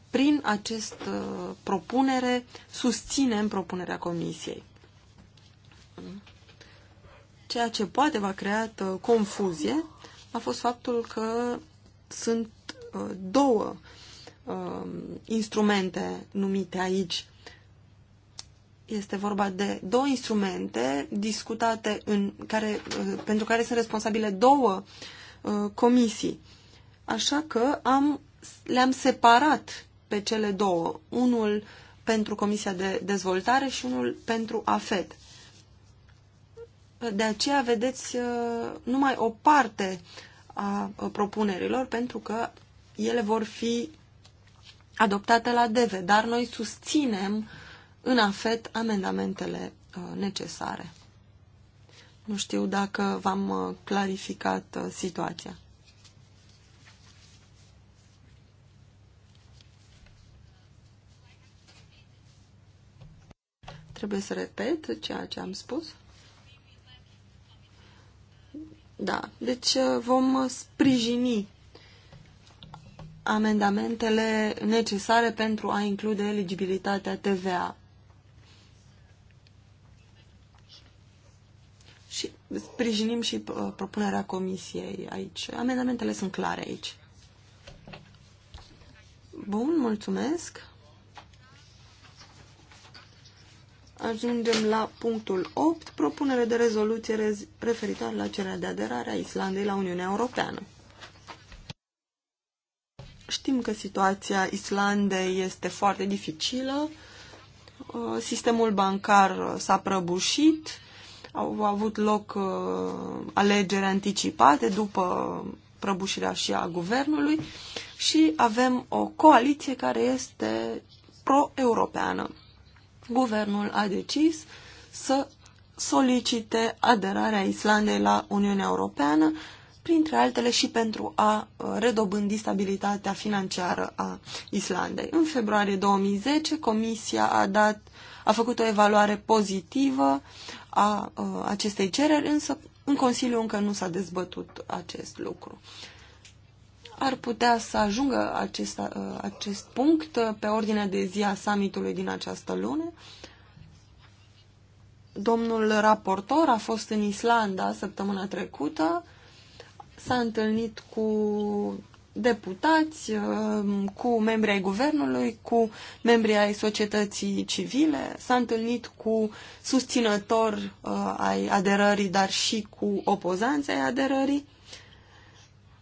S1: Prin această propunere susținem propunerea Comisiei. Ceea ce poate va crea uh, confuzie a fost faptul că sunt uh, două um, instrumente numite aici. Este vorba de două instrumente discutate în care, uh, pentru care sunt responsabile două uh, comisii. Așa că am, le-am separat pe cele două, unul pentru Comisia de Dezvoltare și unul pentru AFET. De aceea vedeți numai o parte a propunerilor, pentru că ele vor fi adoptate la DEVE, dar noi susținem în afet amendamentele uh, necesare. Nu știu dacă v-am uh, clarificat uh, situația. Trebuie să repet ceea ce am spus. Da, deci uh, vom uh, sprijini amendamentele necesare pentru a include eligibilitatea TVA. Și sprijinim și uh, propunerea comisiei aici. Amendamentele sunt clare aici. Bun, mulțumesc. Ajungem la punctul 8, propunere de rezoluție referitoare la cererea de aderare a Islandei la Uniunea Europeană. Știm că situația Islandei este foarte dificilă, uh, sistemul bancar s-a prăbușit, au avut loc uh, alegeri anticipate după prăbușirea și a guvernului și avem o coaliție care este pro-europeană guvernul a decis să solicite aderarea Islandei la Uniunea Europeană, printre altele și pentru a uh, redobândi stabilitatea financiară a Islandei. În februarie 2010, Comisia a, dat, a făcut o evaluare pozitivă a, a uh, acestei cereri, însă în Consiliu încă nu s-a dezbătut acest lucru ar putea să ajungă acest, uh, acest punct uh, pe ordinea de zi a summitului din această lună. Domnul raportor a fost în Islanda săptămâna trecută, s-a întâlnit cu deputați, uh, cu membrii ai guvernului, cu membrii ai societății civile, s-a întâlnit cu susținători ai aderării, dar și cu opozanții ai aderării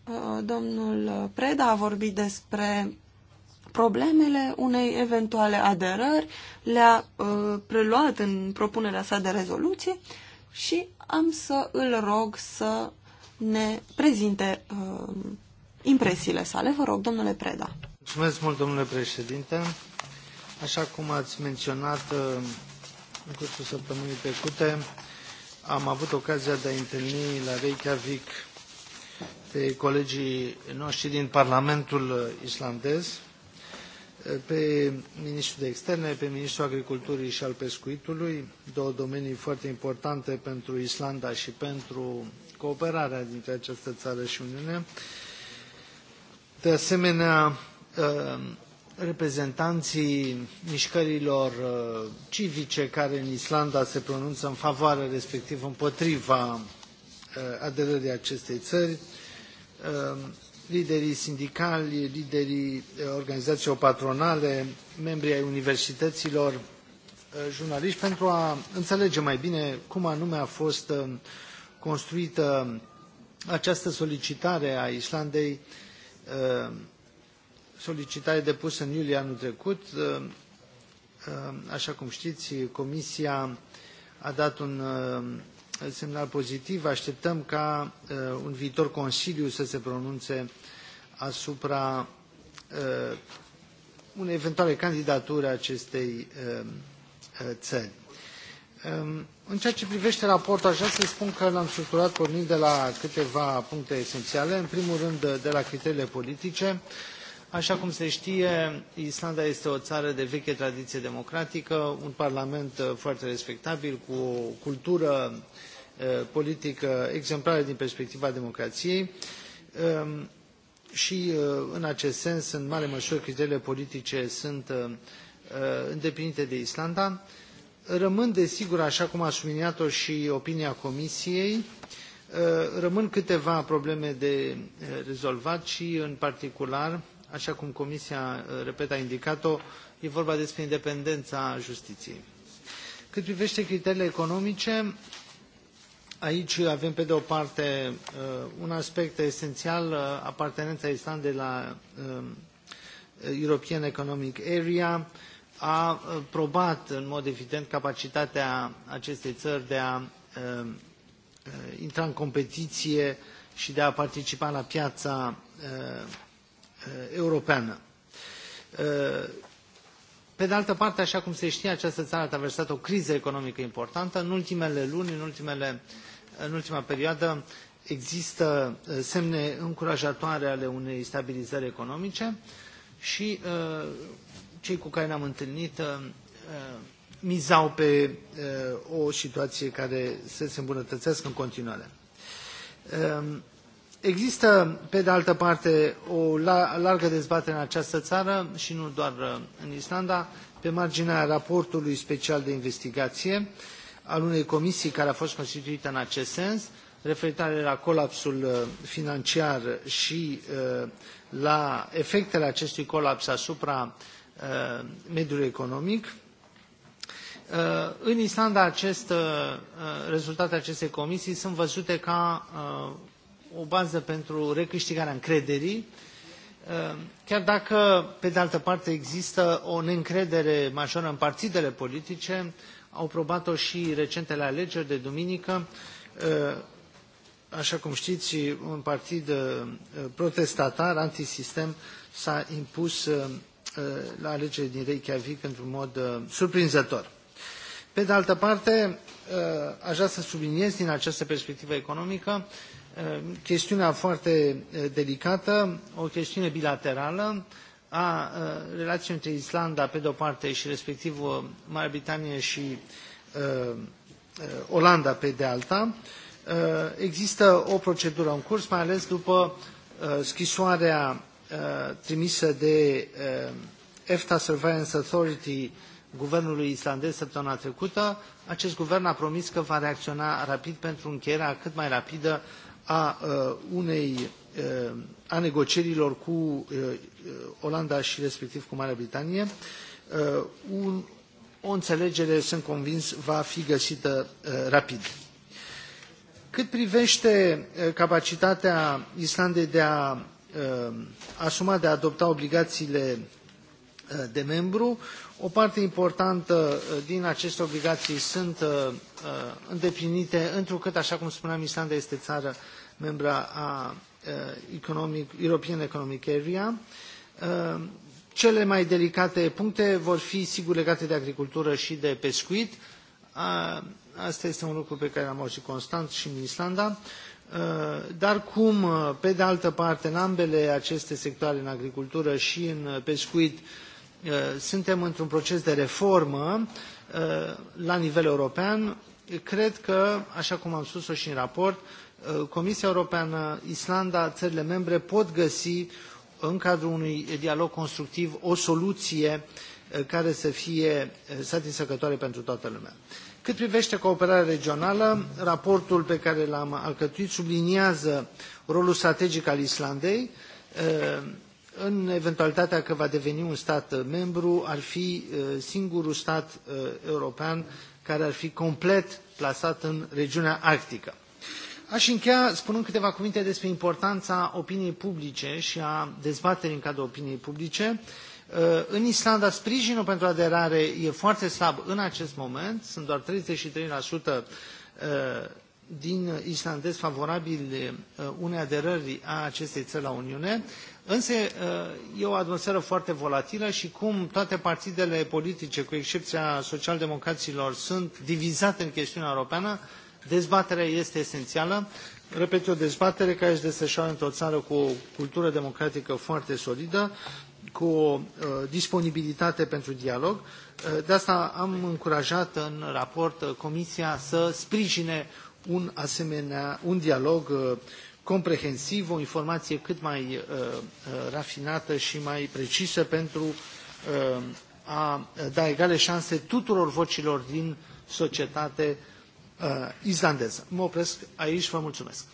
S1: Uh, domnul Preda a vorbit despre problemele unei eventuale aderări, le-a uh, preluat în propunerea sa de rezoluție și am să îl rog să ne prezinte uh, impresiile sale. Vă rog, domnule Preda.
S5: Mulțumesc mult, domnule președinte. Așa cum ați menționat în cursul săptămânii trecute, am avut ocazia de a întâlni la Reykjavik de colegii noștri din Parlamentul islandez, pe ministrul de externe, pe ministrul agriculturii și al pescuitului, două domenii foarte importante pentru Islanda și pentru cooperarea dintre această țară și Uniune. De asemenea, ă, reprezentanții mișcărilor ă, civice care în Islanda se pronunță în favoarea respectiv împotriva ă, aderării acestei țări, Um, liderii sindicali, liderii uh, organizațiilor patronale, membrii ai universităților, uh, jurnaliști, pentru a înțelege mai bine cum anume a fost um, construită această solicitare a Islandei, um, solicitare depusă în iulie anul trecut. Așa cum știți, Comisia a dat un semnal pozitiv. Așteptăm ca uh, un viitor Consiliu să se pronunțe asupra uh, unei eventuale candidaturi a acestei uh, țări. Um, în ceea ce privește raportul, aș vrea să spun că l-am structurat pornind de la câteva puncte esențiale. În primul rând, de la criteriile politice. Așa cum se știe, Islanda este o țară de veche tradiție democratică, un parlament uh, foarte respectabil, cu o cultură uh, politică exemplară din perspectiva democrației um, și uh, în acest sens, în mare măsură, criteriile politice sunt îndeplinite de Islanda. Rămân, desigur, așa cum a subliniat-o și opinia Comisiei, rămân câteva probleme de rezolvat și, în particular, așa cum Comisia, eh, repet, a indicat-o, e vorba despre independența justiției. Cât privește criteriile economice, aici avem pe de o parte eh, un aspect esențial, eh, apartenența Islandei la European Economic Area, a probat în mod evident capacitatea acestei țări de a intra în competiție și de a participa la piața Uh, europeană. Uh, pe de altă parte, așa cum se știe, această țară a traversat o criză economică importantă. În ultimele luni, în, ultimele, în ultima perioadă, există uh, semne încurajatoare ale unei stabilizări economice și cei cu care ne-am întâlnit mizau pe o situație care să se îmbunătățească în continuare. Există, pe de altă parte, o largă dezbatere în această țară și nu doar uh, în Islanda, pe marginea raportului special de investigație al unei comisii care a fost constituită în acest sens, referitoare la colapsul uh, financiar și uh, la efectele acestui colaps asupra mediului economic. În Islanda rezultatele acestei comisii sunt văzute ca o bază pentru recâștigarea încrederii, ehm, chiar dacă, pe de altă parte, există o neîncredere majoră în partidele politice, au probat-o și recentele alegeri de duminică, ehm, așa cum știți, un partid ehm, protestatar, antisistem, s-a impus la alegerile din Reykjavik într-un mod surprinzător. Pe de altă parte, aș vrea să subliniez din această perspectivă economică Uh, chestiunea foarte uh, delicată, o chestiune bilaterală a uh, relației între Islanda, pe de-o parte, și respectiv Marea Britanie și uh, Olanda, pe de alta. Uh, există o procedură în curs, mai ales după uh, scrisoarea trimisă de EFTA Surveillance Authority guvernului islandez săptămâna trecută. Acest guvern a promis că va reacționa rapid pentru încheierea cât mai rapidă a uh, unei uh, a negocierilor cu uh, Olanda și respectiv cu Marea Britanie, un, o înțelegere, sunt convins, va fi găsită rapid. Cât privește capacitatea Islandei de a asuma, de a adopta obligațiile de membru, o parte importantă din aceste obligații sunt îndeplinite, întrucât, așa cum spuneam, Islanda este țară Membra a economic, European Economic Area. Cele mai delicate puncte vor fi, sigur, legate de agricultură și de pescuit. Asta este un lucru pe care l-am auzit constant și în Islanda. Dar cum, pe de altă parte, în ambele aceste sectoare, în agricultură și în pescuit, suntem într-un proces de reformă la nivel european, cred că, așa cum am spus-o și în raport, Uh, Comisia Europeană, Islanda, țările membre pot găsi în cadrul unui dialog constructiv o soluție uh, care să fie uh, satisfăcătoare pentru toată lumea. Cât privește cooperarea regională, raportul pe care l-am alcătuit subliniază rolul strategic al Islandei în eventualitatea că va deveni un stat membru, ar fi singurul stat european care ar fi complet plasat în regiunea arctică. Aș încheia spunând câteva cuvinte despre importanța opiniei publice și a dezbaterii în cadrul opiniei publice. Uh, în Islanda, sprijinul pentru aderare e foarte slab în acest moment. Sunt doar 33% uh, din islandezi favorabili uh, unei aderări a acestei țări la Uniune. Însă e o atmosferă foarte volatilă și cum toate partidele politice, cu excepția socialdemocraților, sunt divizate în chestiunea europeană, Dezbaterea este esențială. Repet, o dezbatere care se desfășoară într-o țară cu o cultură democratică foarte solidă, cu o uh, disponibilitate pentru dialog. Uh, de asta am încurajat în raport uh, Comisia să sprijine un asemenea, un dialog comprehensiv, o informație cât mai rafinată și mai precisă pentru a da egale șanse tuturor vocilor din societate uh, islandeză. Mă opresc aici,
S2: vă mulțumesc.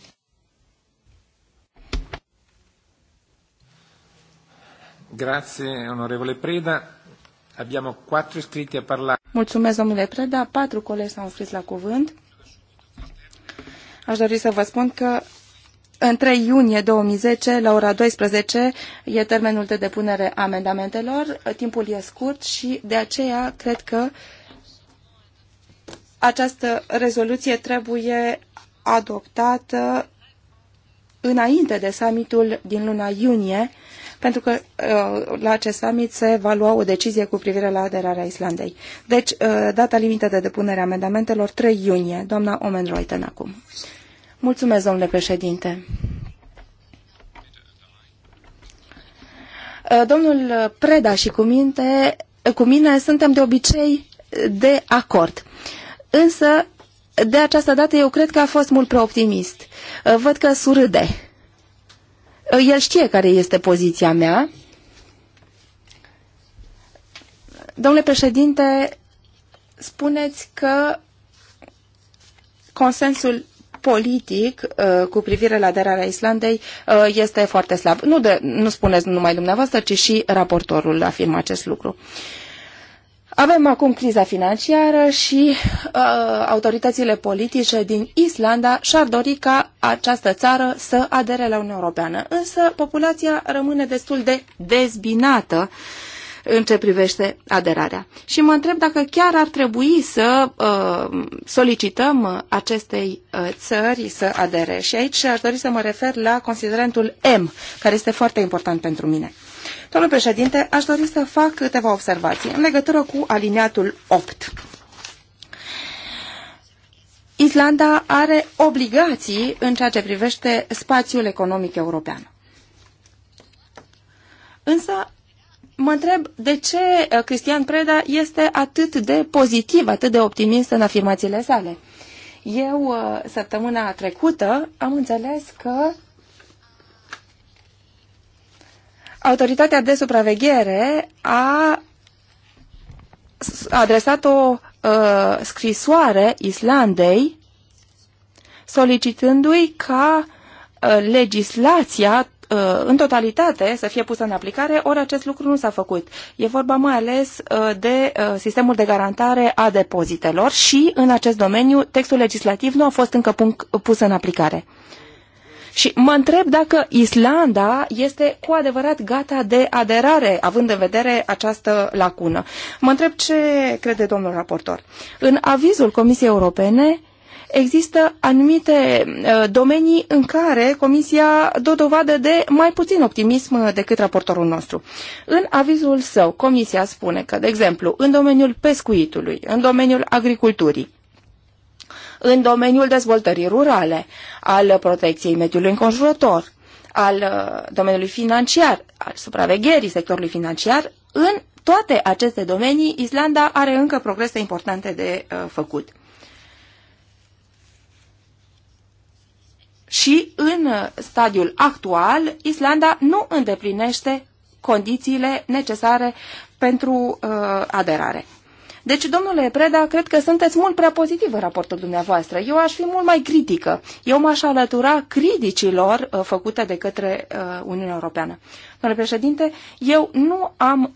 S2: Grazie, onorevole Preda. Abbiamo quattro iscritti a parlare.
S3: Mulțumesc, domnule Preda. Patru colegi s-au înscris la cuvânt. Aș dori să vă spun că în 3 iunie 2010, la ora 12, e termenul de depunere a amendamentelor. Timpul e scurt și de aceea cred că uh, această rezoluție trebuie adoptată înainte de summitul din luna iunie, pentru că uh, la acest summit se va lua o decizie cu privire la aderarea Islandei. Deci, uh, data limită de depunere a amendamentelor 3 iunie. Doamna Omen Reuten acum. Mulțumesc, domnule președinte. Uh, domnul Preda și cu, minte, cu mine suntem de obicei de acord. Însă, de această dată, eu cred că a fost mult prea optimist. Uh, văd că surâde. Uh, el știe care este poziția mea. Domnule președinte, spuneți că consensul politic uh, cu privire la aderarea Islandei este foarte slab. Nu, de, nu spuneți numai dumneavoastră, ci și raportorul afirmă acest lucru. Uh, avem acum criza financiară și uh, autoritățile politice din Islanda și-ar dori ca această țară să adere la Uniunea Europeană. Însă populația rămâne destul de dezbinată uh, în ce privește aderarea. Și mă întreb dacă chiar ar trebui să uh, solicităm acestei uh, țări să adere. Și aici aș dori să mă refer la considerentul M, care este foarte important pentru mine. Domnul președinte, aș dori să fac câteva observații în legătură cu aliniatul 8. Islanda are obligații în ceea ce privește spațiul economic european. Însă mă întreb de ce uh, Cristian Preda este atât de pozitiv, atât de optimist în afirmațiile sale. Eu, uh, săptămâna trecută, am înțeles că Autoritatea de supraveghere a adresat o uh, scrisoare Islandei solicitându-i ca uh, legislația Uh, în totalitate să fie pusă în aplicare, ori acest lucru nu s-a făcut. E vorba mai ales uh, de uh, sistemul de garantare a depozitelor și în acest domeniu textul legislativ nu a fost încă pus în aplicare. Și mă întreb dacă Islanda este cu adevărat gata de aderare, având în vedere această lacună. Mă întreb ce crede domnul raportor. În avizul Comisiei Europene există anumite uh, domenii în care Comisia dă dovadă de mai puțin optimism uh, decât raportorul nostru. În avizul său, Comisia spune că, de exemplu, în domeniul pescuitului, în domeniul agriculturii, în domeniul dezvoltării rurale, al protecției mediului înconjurător, al uh, domeniului financiar, al supravegherii sectorului financiar, în toate aceste domenii, Islanda are încă progrese importante de uh, făcut. și în stadiul actual Islanda nu îndeplinește condițiile necesare pentru uh, aderare. Deci, domnule Preda, cred că sunteți mult prea pozitiv în raportul dumneavoastră. Eu aș fi mult mai critică. Eu m-aș alătura criticilor uh, făcute de către uh, Uniunea Europeană. Domnule președinte, eu nu am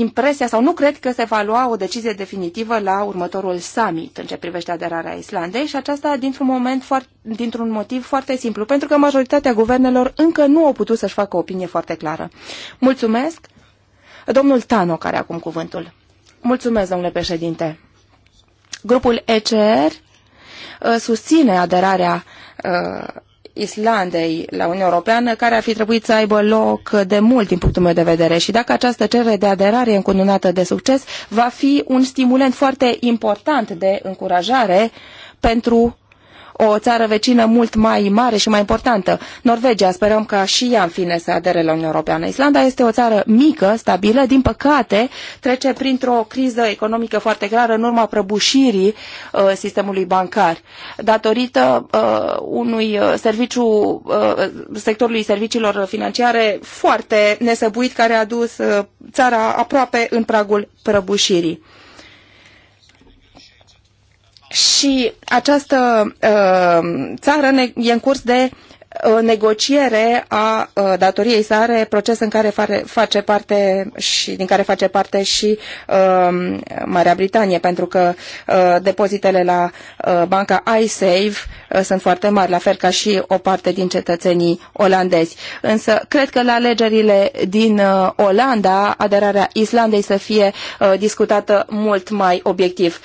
S3: impresia sau nu cred că se va lua o decizie definitivă la următorul summit în ce privește aderarea Islandei și aceasta dintr-un moment dintr-un motiv foarte simplu, pentru că majoritatea guvernelor încă nu au putut să-și facă o opinie foarte clară. Mulțumesc. Domnul Tano, care acum cuvântul. Mulțumesc, domnule președinte. Grupul ECR uh, susține aderarea uh, Islandei la Uniunea Europeană, care ar fi trebuit să aibă loc de mult din punctul meu de vedere. Și dacă această cerere de aderare e încununată de succes, va fi un stimulent foarte important de încurajare pentru o țară vecină mult mai mare și mai importantă. Norvegia, sperăm ca și ea în fine să adere la Uniunea Europeană. Islanda este o țară mică, stabilă, din păcate trece printr-o criză economică foarte clară în urma prăbușirii uh, sistemului bancar, datorită uh, unui uh, serviciu, uh, sectorului serviciilor financiare foarte nesăbuit care a dus uh, țara aproape în pragul prăbușirii și această uh, țară e în curs de uh, negociere a uh, datoriei sale, proces în care face parte și din care face parte și uh, Marea Britanie, pentru că uh, depozitele la uh, banca iSave Uh, sunt foarte mari, la fel ca și o parte din cetățenii olandezi. Însă cred că la alegerile din uh, Olanda, aderarea Islandei să fie uh, discutată mult mai obiectiv.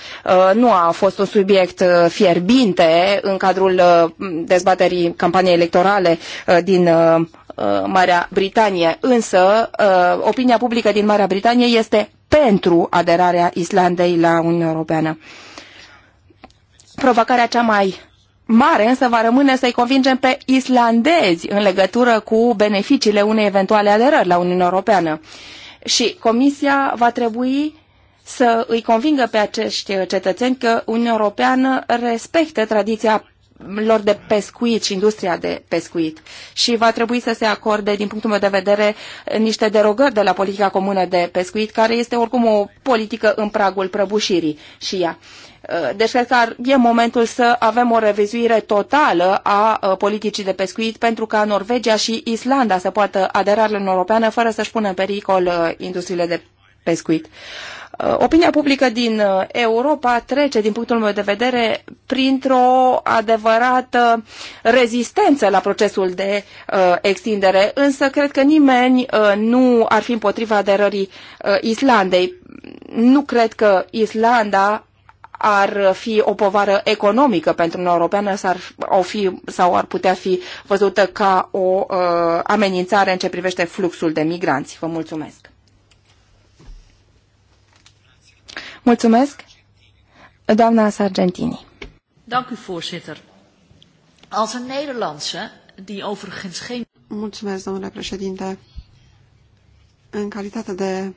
S3: Nu a fost un subiect fierbinte în cadrul dezbaterii campaniei electorale din Marea Britanie, însă opinia publică din Marea Britanie este pentru aderarea Islandei la Uniunea Europeană. Provocarea cea mai mare, însă va rămâne să-i convingem pe islandezi în legătură cu beneficiile unei eventuale aderări la Uniunea Europeană. Și Comisia va trebui să îi convingă pe acești cetățeni că Uniunea Europeană respectă tradiția lor de pescuit și industria de pescuit. Și va trebui să se acorde, din punctul meu de vedere, niște derogări de la politica comună de pescuit, care este oricum o politică în pragul prăbușirii și ea. Uh, deci cred că ar, e momentul să avem o revizuire totală a uh, politicii de pescuit pentru ca Norvegia și Islanda să poată adera la Europeană fără să-și pună în pericol uh, industriile de pescuit. Uh, Uh, opinia publică din uh, Europa trece, din punctul meu de vedere, printr-o adevărată rezistență la procesul de uh, extindere, însă cred că nimeni uh, nu ar fi împotriva aderării uh, Islandei. Nu cred că Islanda ar fi o povară economică pentru Uniunea Europeană s-ar, au fi, sau ar putea fi văzută ca o uh, amenințare în ce privește fluxul de migranți. Vă mulțumesc! Mulțumesc, doamna Sargentini. Dank u, voorzitter. Als een
S4: Nederlandse, die overigens geen... Mulțumesc, domnule președinte. În calitate de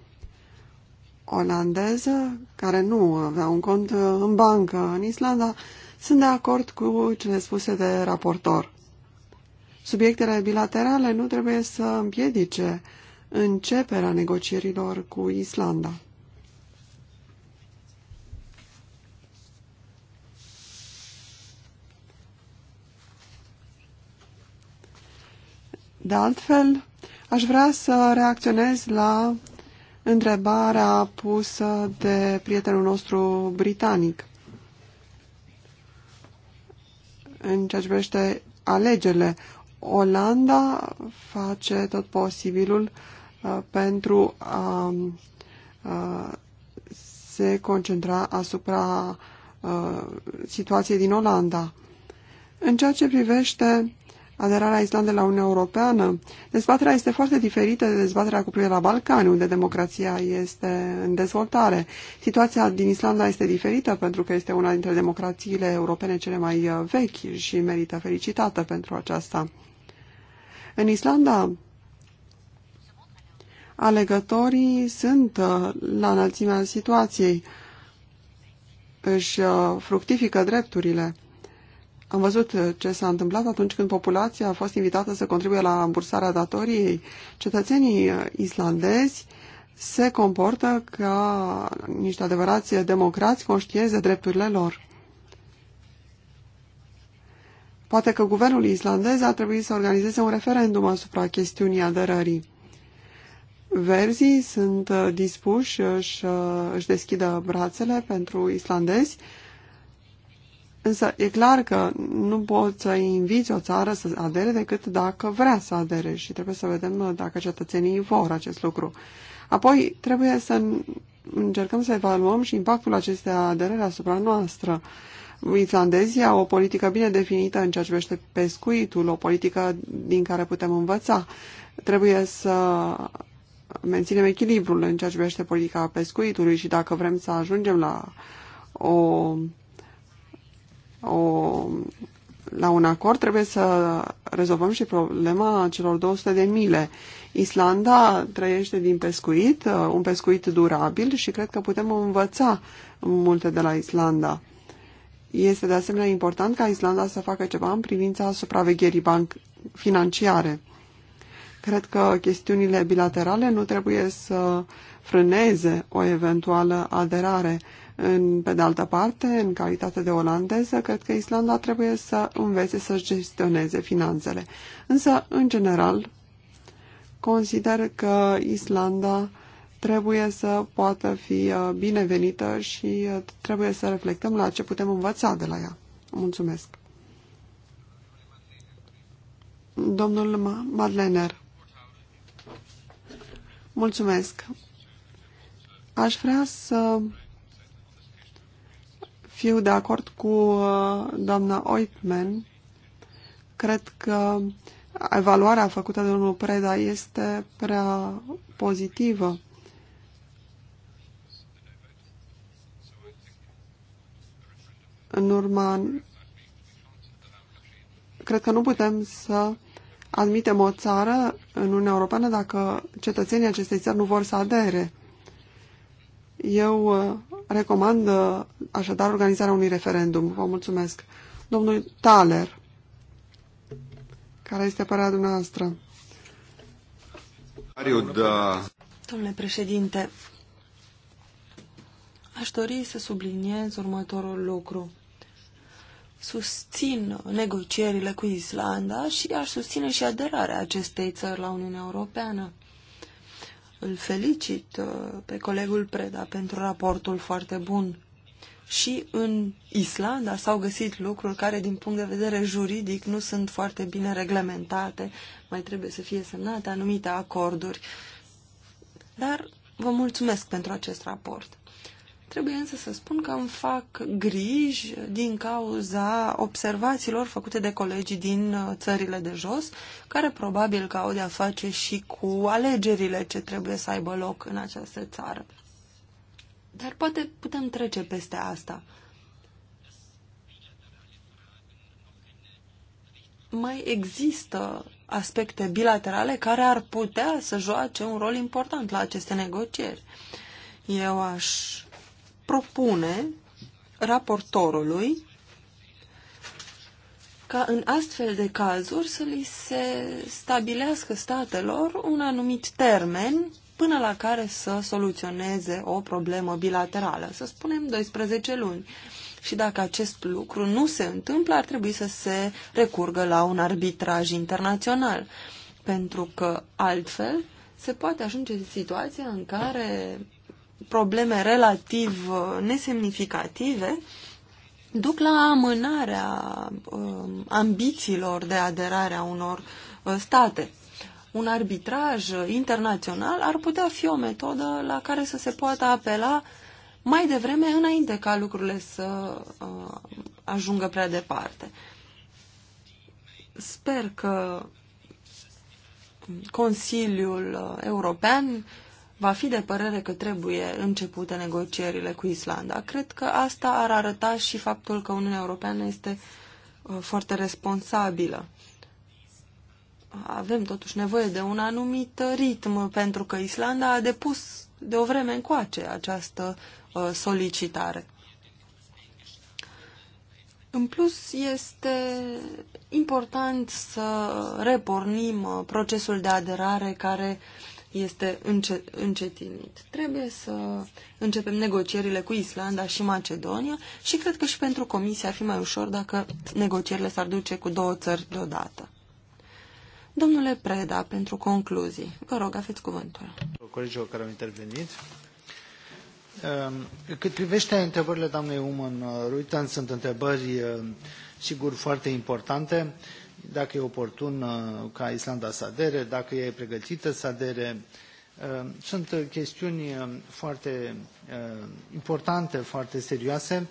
S4: olandeză, care nu avea un cont în bancă în Islanda, sunt de acord cu cele spuse de raportor. Subiectele bilaterale nu trebuie să împiedice începerea negocierilor cu Islanda. De altfel, aș vrea să reacționez la întrebarea pusă de prietenul nostru britanic în ceea ce privește alegerile. Olanda face tot posibilul uh, pentru a uh, se concentra asupra uh, situației din Olanda. În ceea ce privește aderarea Islandei la Uniunea Europeană, dezbaterea este foarte diferită de dezbaterea cu privire la Balcani, unde democrația este în dezvoltare. Situația din Islanda este diferită pentru că este una dintre democrațiile europene cele mai uh, vechi și merită felicitată pentru aceasta. În Islanda, alegătorii sunt uh, la înălțimea situației, își uh, fructifică drepturile. Am văzut uh, ce s-a întâmplat atunci când populația a fost invitată să contribuie la rambursarea datoriei. Cetățenii uh, islandezi se comportă ca niște adevărați democrați conștienți de drepturile lor. Poate că guvernul islandez ar trebui să organizeze un referendum asupra chestiunii aderării. Verzii sunt uh, dispuși și își deschidă brațele pentru islandezi Însă e clar că nu poți să inviți o țară să adere decât dacă vrea să adere și trebuie să vedem dacă cetățenii vor acest lucru. Apoi trebuie să încercăm să evaluăm și impactul acestei aderări asupra noastră. Islandezii au o politică bine definită în ceea ce privește pescuitul, o politică din care putem învăța. Trebuie să menținem echilibrul în ceea ce privește politica pescuitului și dacă vrem să ajungem la o o, la un acord, trebuie să rezolvăm și problema celor 200 de mile. Islanda trăiește din pescuit, uh, un pescuit durabil și cred că putem învăța multe de la Islanda. Este de asemenea important ca Islanda să facă ceva în privința supravegherii banc financiare. Cred că chestiunile bilaterale nu trebuie să frâneze o eventuală aderare, în, pe de altă parte, în calitate de olandeză, cred că Islanda trebuie să învețe să gestioneze finanțele. Însă, în general, consider că Islanda trebuie să poată fi uh, binevenită și uh, trebuie să reflectăm la ce putem învăța de la ea. Mulțumesc. Domnul Madlener. Mulțumesc. Aș vrea să fiu de acord cu uh, doamna Oitman. Cred că evaluarea făcută de domnul Preda este prea pozitivă. În urma, cred că nu putem să admitem o țară în Uniunea Europeană dacă cetățenii acestei țări nu vor să adere. Eu uh, recomandă uh, așadar organizarea unui referendum. Vă mulțumesc. Domnul Thaler,
S1: care este părerea dumneavoastră? Da. Domnule președinte, aș dori să subliniez următorul lucru. Susțin negocierile cu Islanda și aș susține și aderarea acestei țări la Uniunea Europeană. Îl felicit uh, pe colegul Preda pentru raportul foarte bun. Și în Islanda s-au găsit lucruri care, din punct de vedere juridic, nu sunt foarte bine reglementate. Mai trebuie să fie semnate anumite acorduri. Dar vă mulțumesc pentru acest raport. Trebuie însă să spun că îmi fac griji din cauza observațiilor făcute de colegii din uh, țările de jos, care probabil că au de-a face și cu alegerile ce trebuie să aibă loc în această țară. Dar poate putem trece peste asta. Mai există aspecte bilaterale care ar putea să joace un rol important la aceste negocieri. Eu aș propune raportorului ca în astfel de cazuri să li se stabilească statelor un anumit termen până la care să soluționeze o problemă bilaterală, să spunem 12 luni. Și dacă acest lucru nu se întâmplă, ar trebui să se recurgă la un arbitraj internațional, pentru că altfel se poate ajunge în situația în care probleme relativ uh, nesemnificative duc la amânarea um, ambițiilor de aderare a unor uh, state. Un arbitraj uh, internațional ar putea fi o metodă la care să se poată apela mai devreme înainte ca lucrurile să ajungă prea departe. Sper că Consiliul European va fi de părere că trebuie începute negocierile cu Islanda. Cred că asta ar arăta și faptul că Uniunea Europeană este uh, foarte responsabilă. Avem totuși nevoie de un anumit ritm, pentru că Islanda a depus de o vreme încoace această uh, solicitare. În plus, este important să repornim uh, procesul de aderare care uh, este înce încetinit. Trebuie să începem negocierile cu Islanda și Macedonia și cred că și pentru Comisie ar fi mai ușor dacă negocierile s-ar duce cu două țări deodată. Domnule Preda, pentru concluzii, vă rog, aveți cuvântul.
S5: Colegilor care au intervenit, ehm, cât privește întrebările doamnei Uman Ruitan, sunt întrebări, ehm, sigur, foarte importante dacă e oportun ca Islanda să adere, dacă e pregătită să adere. Uh, sunt chestiuni uh, foarte uh, importante, foarte serioase.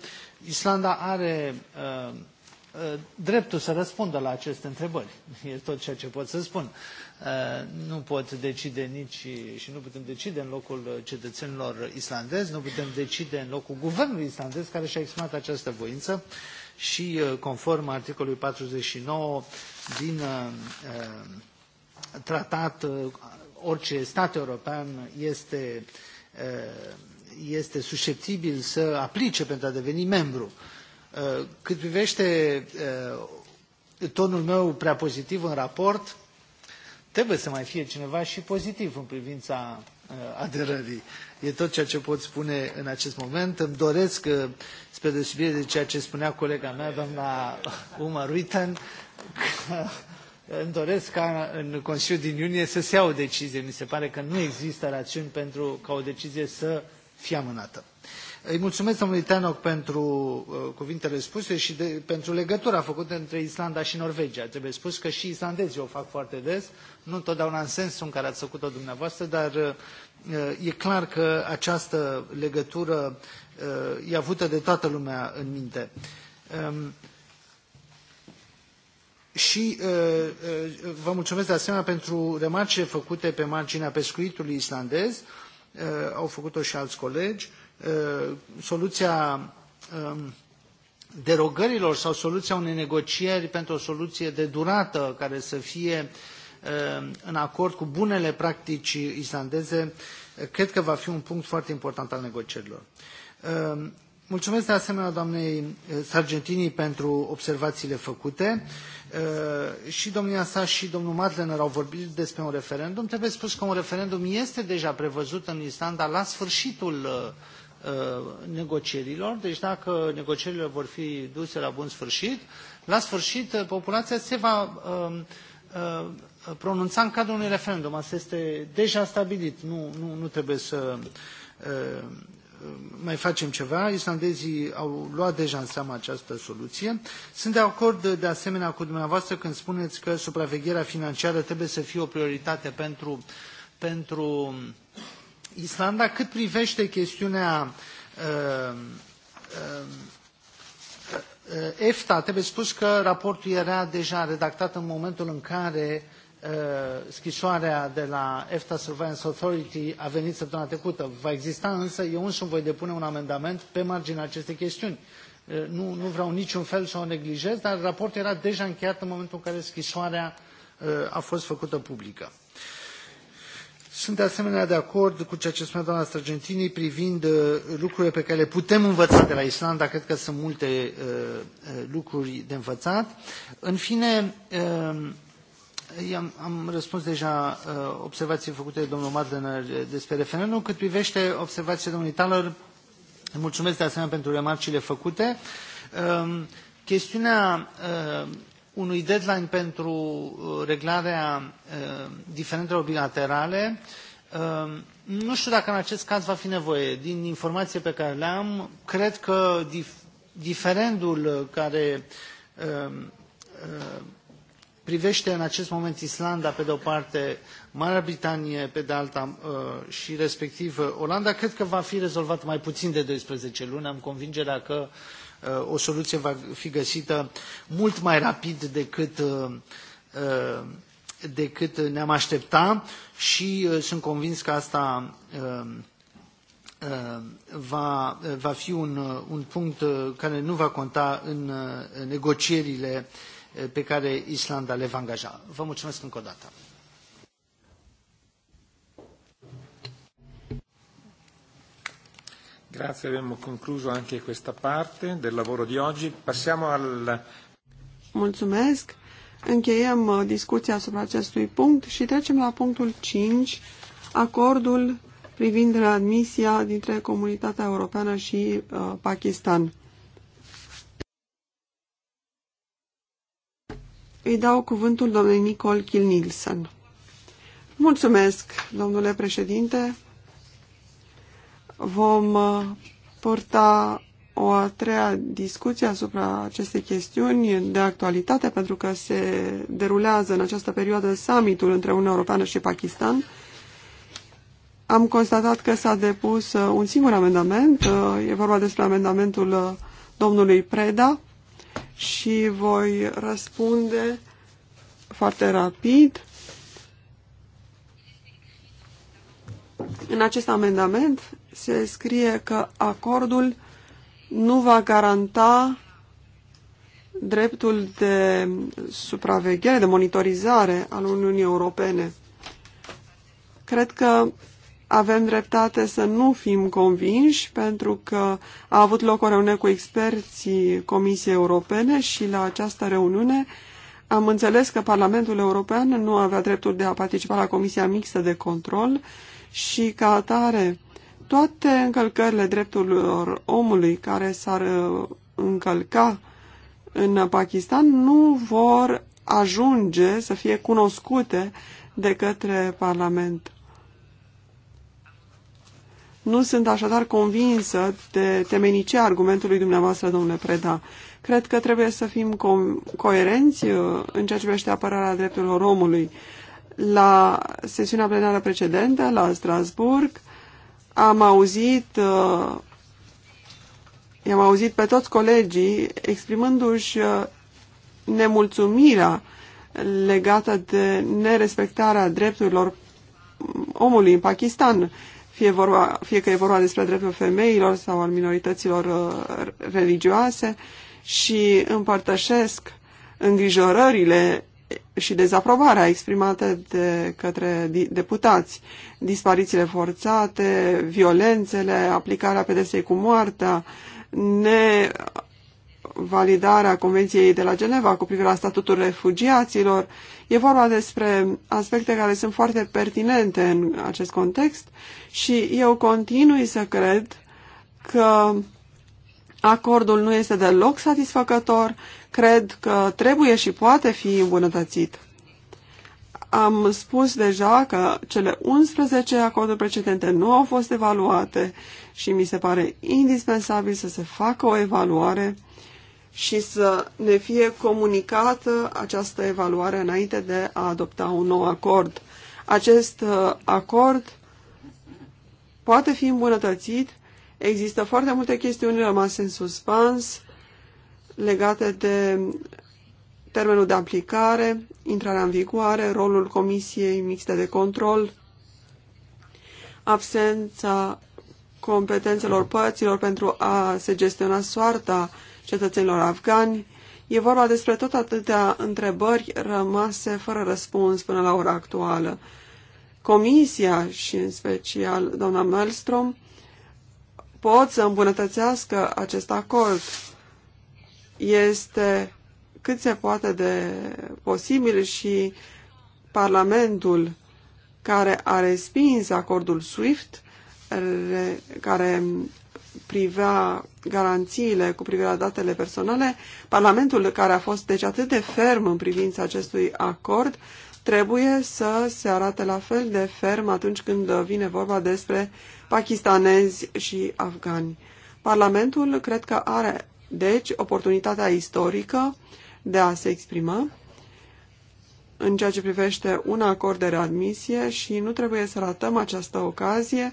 S5: Islanda are dreptul să răspundă la aceste întrebări. E tot ceea ce pot să spun. Nu pot decide nici și nu putem decide în locul cetățenilor islandezi, nu putem decide în locul guvernului islandez care și-a exprimat această voință și uh, conform articolului 49 din uh, uh, tratat, orice stat european este, este susceptibil să aplice pentru a deveni membru. Cât privește tonul meu prea pozitiv în raport, trebuie să mai fie cineva și pozitiv în privința aderării. E tot ceea ce pot spune în acest moment. Îmi doresc spre deosebire de ceea ce spunea colega mea, doamna Uma Ruiten, că îmi doresc ca în Consiliul din iunie să se ia o decizie. Mi se pare că nu există rațiuni pentru ca o decizie să fie amânată. Îi mulțumesc domnului Tannock pentru uh, cuvintele spuse și de, pentru legătura făcută între Islanda și Norvegia. Trebuie spus că și islandezii o fac foarte des, nu întotdeauna în sensul în care ați făcut-o dumneavoastră, dar uh, E clar că această legătură uh, e avută de toată lumea în minte. Um, și uh, uh, vă mulțumesc de asemenea pentru remarcile făcute pe marginea pescuitului islandez, au făcut-o și alți colegi. Soluția um, derogărilor sau soluția unei negocieri pentru o soluție de durată care să fie Uh, în acord cu bunele practici islandeze, uh, cred că va fi un punct foarte important al negocierilor. Uh, mulțumesc de asemenea doamnei Sargentini pentru observațiile făcute. Și domnia sa și domnul Madlener au vorbit despre un referendum. Trebuie spus că un referendum este deja prevăzut în Islanda la sfârșitul negocierilor, deci dacă negocierile vor fi duse la bun sfârșit, la sfârșit populația se va pronunța în cadrul unui referendum. Asta este deja stabilit. Nu, nu, nu trebuie să uh, mai facem ceva. Islandezii au luat deja în seamă această soluție. Sunt de acord de asemenea cu dumneavoastră când spuneți că supravegherea financiară trebuie să fie o prioritate pentru, pentru Islanda. Cât privește chestiunea uh, uh, uh EFTA, trebuie spus că raportul era deja redactat în momentul în care scrisoarea de la EFTA Surveillance Authority a venit săptămâna trecută. Va exista însă, eu însumi voi depune un amendament pe marginea acestei chestiuni. Nu, nu vreau niciun fel să o neglijez, dar raportul era deja încheiat în momentul în care scrisoarea a fost făcută publică. Sunt de asemenea de acord cu ceea ce spunea doamna Străgentinii privind lucrurile pe care le putem învăța de la Islanda. Cred că sunt multe lucruri de învățat. În fine, am, am răspuns deja uh, observații făcute de domnul Madlener uh, despre referendum. Cât privește observațiile domnului Taler, mulțumesc de asemenea pentru remarcile făcute. Uh, chestiunea uh, unui deadline pentru uh, reglarea uh, diferendelor bilaterale um, nu știu dacă în acest caz va fi nevoie. Din informație pe care le am, cred că dif diferendul care um, privește în acest moment Islanda pe de o parte, Marea Britanie pe de alta uh, și respectiv uh, Olanda, cred că va fi rezolvat mai puțin de 12 luni. Am convingerea că uh, o soluție va fi găsită mult mai rapid decât, decât ne-am aștepta și sunt convins că asta va, va fi un, un punct care nu va conta în negocierile uh, pe care Islanda le va
S2: angaja. Vă mulțumesc încă o dată. Grazie, abbiamo concluso anche questa parte del lavoro di oggi. Passiamo al...
S4: Mulțumesc. Încheiem uh, discuția asupra acestui punct și trecem la punctul 5, acordul privind readmisia dintre Comunitatea Europeană și uh, Pakistan. Îi dau cuvântul domnului Nicol Kilnilsen. Mulțumesc, domnule președinte. Vom uh, porta o a treia discuție asupra acestei chestiuni de actualitate, pentru că se derulează în această perioadă summitul între Uniunea Europeană și Pakistan. Am constatat că s-a depus uh, un singur amendament, uh, e vorba despre amendamentul domnului Preda, și voi răspunde foarte rapid. În acest amendament se scrie că acordul nu va garanta dreptul de supraveghere, de monitorizare al Uniunii Europene. Cred că avem dreptate să nu fim convinși, pentru că a avut loc o reuniune cu experții Comisiei Europene și la această reuniune am înțeles că Parlamentul European nu avea dreptul de a participa la Comisia Mixtă de Control și, ca atare, toate încălcările drepturilor omului care s-ar uh, încălca în Pakistan nu vor ajunge să fie cunoscute de către Parlament. Nu sunt așadar convinsă de temenicea argumentului dumneavoastră, domnule Preda. Cred că trebuie să fim co- coerenți uh, în ceea ce privește apărarea drepturilor omului. La sesiunea plenară precedentă, la Strasburg, am auzit, uh, am auzit pe toți colegii exprimându-și uh, nemulțumirea legată de nerespectarea drepturilor omului în Pakistan fie, vorba, fie că e vorba despre dreptul femeilor sau al minorităților uh, religioase și împărtășesc îngrijorările și dezaprobarea exprimată de către deputați, disparițiile forțate, violențele, aplicarea pedepsei cu moartea, ne validarea Convenției de la Geneva cu privire la statutul refugiaților. E vorba despre aspecte care sunt foarte pertinente în acest context și eu continui să cred că acordul nu este deloc satisfăcător, cred că trebuie și poate fi îmbunătățit. Am spus deja că cele 11 acorduri precedente nu au fost evaluate și mi se pare indispensabil să se facă o evaluare și să ne fie comunicată această evaluare înainte de a adopta un nou acord. Acest uh, acord poate fi îmbunătățit. Există foarte multe chestiuni rămase în suspans legate de termenul de aplicare, intrarea în vigoare, rolul Comisiei Mixte de Control, absența competențelor părților pentru a se gestiona soarta cetățenilor afgani. E vorba despre tot atâtea întrebări rămase fără răspuns până la ora actuală. Comisia și în special doamna Melstrom pot să îmbunătățească acest acord. Este cât se poate de posibil și Parlamentul care a respins acordul SWIFT, care privea garanțiile cu privire la datele personale, Parlamentul, care a fost deci atât de ferm în privința acestui acord, trebuie să se arate la fel de ferm atunci când vine vorba despre pakistanezi și afgani. Parlamentul cred că are, deci, oportunitatea istorică de a se exprima în ceea ce privește un acord de readmisie și nu trebuie să ratăm această ocazie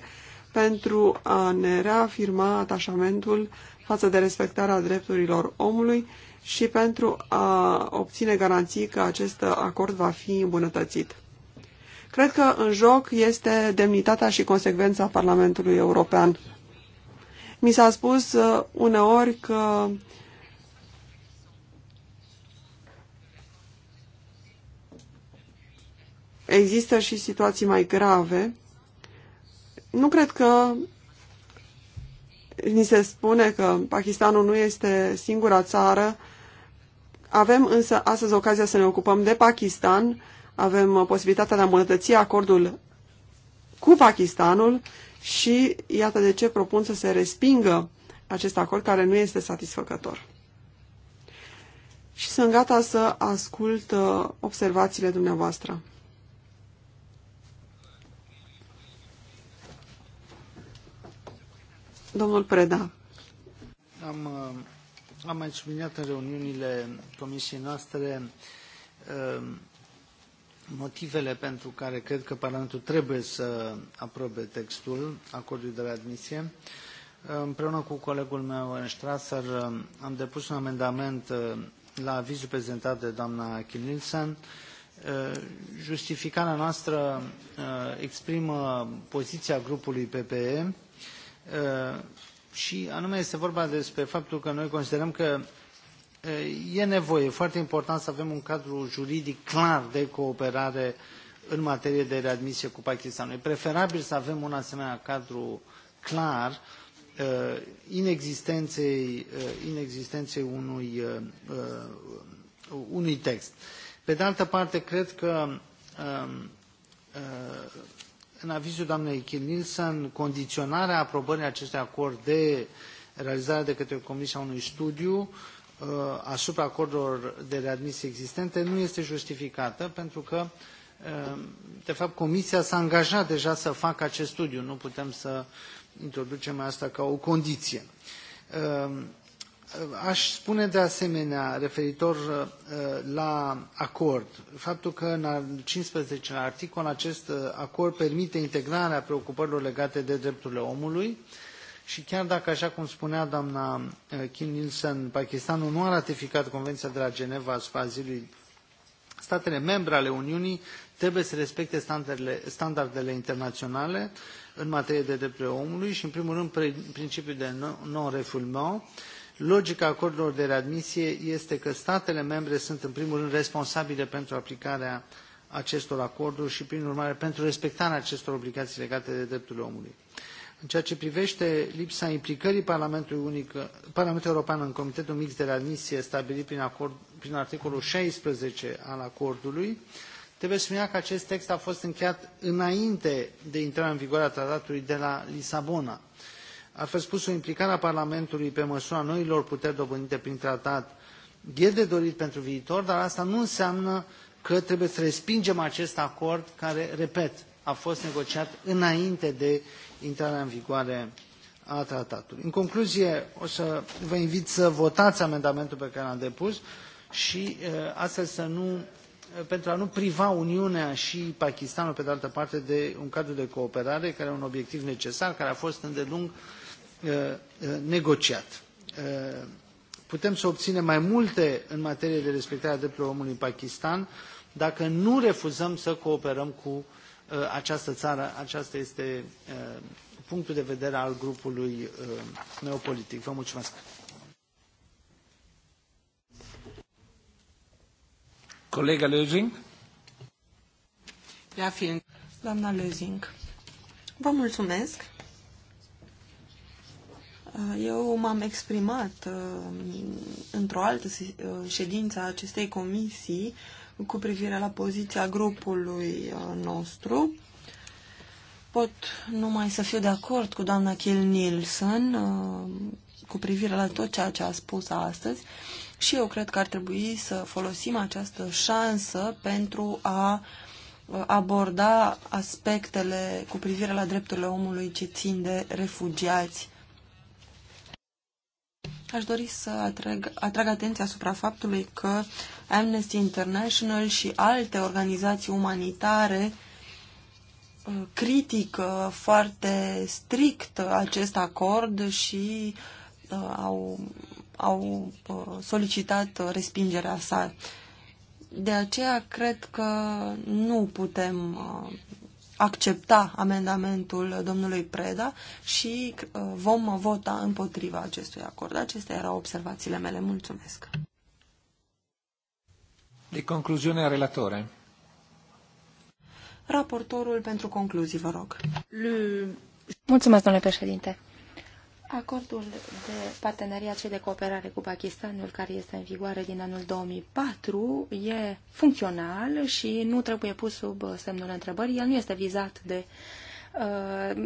S4: pentru a ne reafirma atașamentul față de respectarea drepturilor omului și pentru a obține garanții că acest acord va fi îmbunătățit. Cred că în joc este demnitatea și consecvența Parlamentului European. Mi s-a spus uh, uneori că există și situații mai grave nu cred că ni se spune că Pakistanul nu este singura țară. Avem însă astăzi ocazia să ne ocupăm de Pakistan, avem posibilitatea de a îmbunătăți acordul cu Pakistanul și iată de ce propun să se respingă acest acord care nu este satisfăcător. Și sunt gata să ascult uh, observațiile dumneavoastră. Domnul Preda. Am,
S5: am mai subliniat în reuniunile comisiei noastre um, motivele pentru care cred că Parlamentul trebuie să aprobe textul acordului de readmisie. Împreună cu colegul meu, Strasser, am depus un amendament uh, la avizul prezentat de doamna Kim Nielsen. Uh, justificarea noastră uh, exprimă poziția grupului PPE Uh, și anume este vorba despre faptul că noi considerăm că uh, e nevoie, foarte important să avem un cadru juridic clar de cooperare în materie de readmisie cu Pakistanul. E preferabil să avem un asemenea cadru clar uh, inexistenței, inexistenței unui, unui text. Pe de altă parte, cred că um, în avizul doamnei Kiel Nielsen, condiționarea aprobării acestui acord de realizare de către Comisia unui studiu uh, asupra acordurilor de readmisie existente nu este justificată pentru că uh, de fapt, Comisia s-a angajat deja să facă acest studiu. Nu putem să introducem asta ca o condiție. Uh, Aș spune de asemenea, referitor uh, uh, la acord, faptul că în al 15 articol acest uh, acord permite integrarea preocupărilor legate de drepturile omului și chiar dacă, așa cum spunea doamna Kim Nielsen, Pakistanul nu a ratificat Convenția de la Geneva asupra azilului, statele membre ale Uniunii trebuie să respecte standardele, standardele internaționale în materie de drepturile omului și, în primul rând, principiul de non-refoulement, Logica acordurilor de readmisie este că statele membre sunt în primul rând responsabile pentru aplicarea acestor acorduri și, prin urmare, pentru respectarea acestor obligații legate de drepturile omului. În ceea ce privește lipsa implicării Parlamentului, Unic, Parlamentului European în Comitetul Mix de Readmisie stabilit prin, acord, prin articolul 16 al acordului, trebuie subliniat că acest text a fost încheiat înainte de intrarea în vigoare a tratatului de la Lisabona altfel spus o implicare a parlamentului pe măsura noilor puteri dobândite prin tratat e de dorit pentru viitor dar asta nu înseamnă că trebuie să respingem acest acord care repet a fost negociat înainte de intrarea în vigoare a tratatului. În concluzie, o să vă invit să votați amendamentul pe care l-am depus și astfel să nu, pentru a nu priva Uniunea și Pakistanul, pe de altă parte, de un cadru de cooperare care e un obiectiv necesar, care a fost îndelung uh, Uh, uh, negociat. Uh, putem să obținem mai multe în materie de respectare a drepturilor omului în Pakistan dacă nu refuzăm să cooperăm cu această țară. Aceasta este punctul de vedere al grupului meu politic. Vă mulțumesc.
S2: Colega Lözing.
S1: Ja, vielen Doamna Lözing, vă mulțumesc. Uh, eu m-am exprimat uh, într-o altă uh, ședință a acestei comisii cu privire la poziția grupului nostru. Pot numai să fiu de acord cu doamna Kiel Nielsen cu privire la tot ceea ce a spus astăzi și eu cred că ar trebui să folosim această șansă pentru a aborda aspectele cu privire la drepturile omului ce țin de refugiați Aș dori să atrag, atrag atenția asupra faptului că Amnesty International și alte organizații umanitare uh, critică foarte strict acest acord și uh, au, au uh, solicitat respingerea sa. De aceea cred că nu putem uh, accepta amendamentul domnului Preda și uh, vom vota împotriva acestui acord. Acestea erau observațiile mele. Mulțumesc.
S2: De concluziune a relatore.
S1: Raportorul pentru concluzii, vă rog.
S3: Mulțumesc, domnule președinte. Acordul de parteneriat și de cooperare cu Pakistanul, care este în vigoare din anul 2004, e funcțional și nu trebuie pus sub semnul întrebării. El nu este vizat de Uh,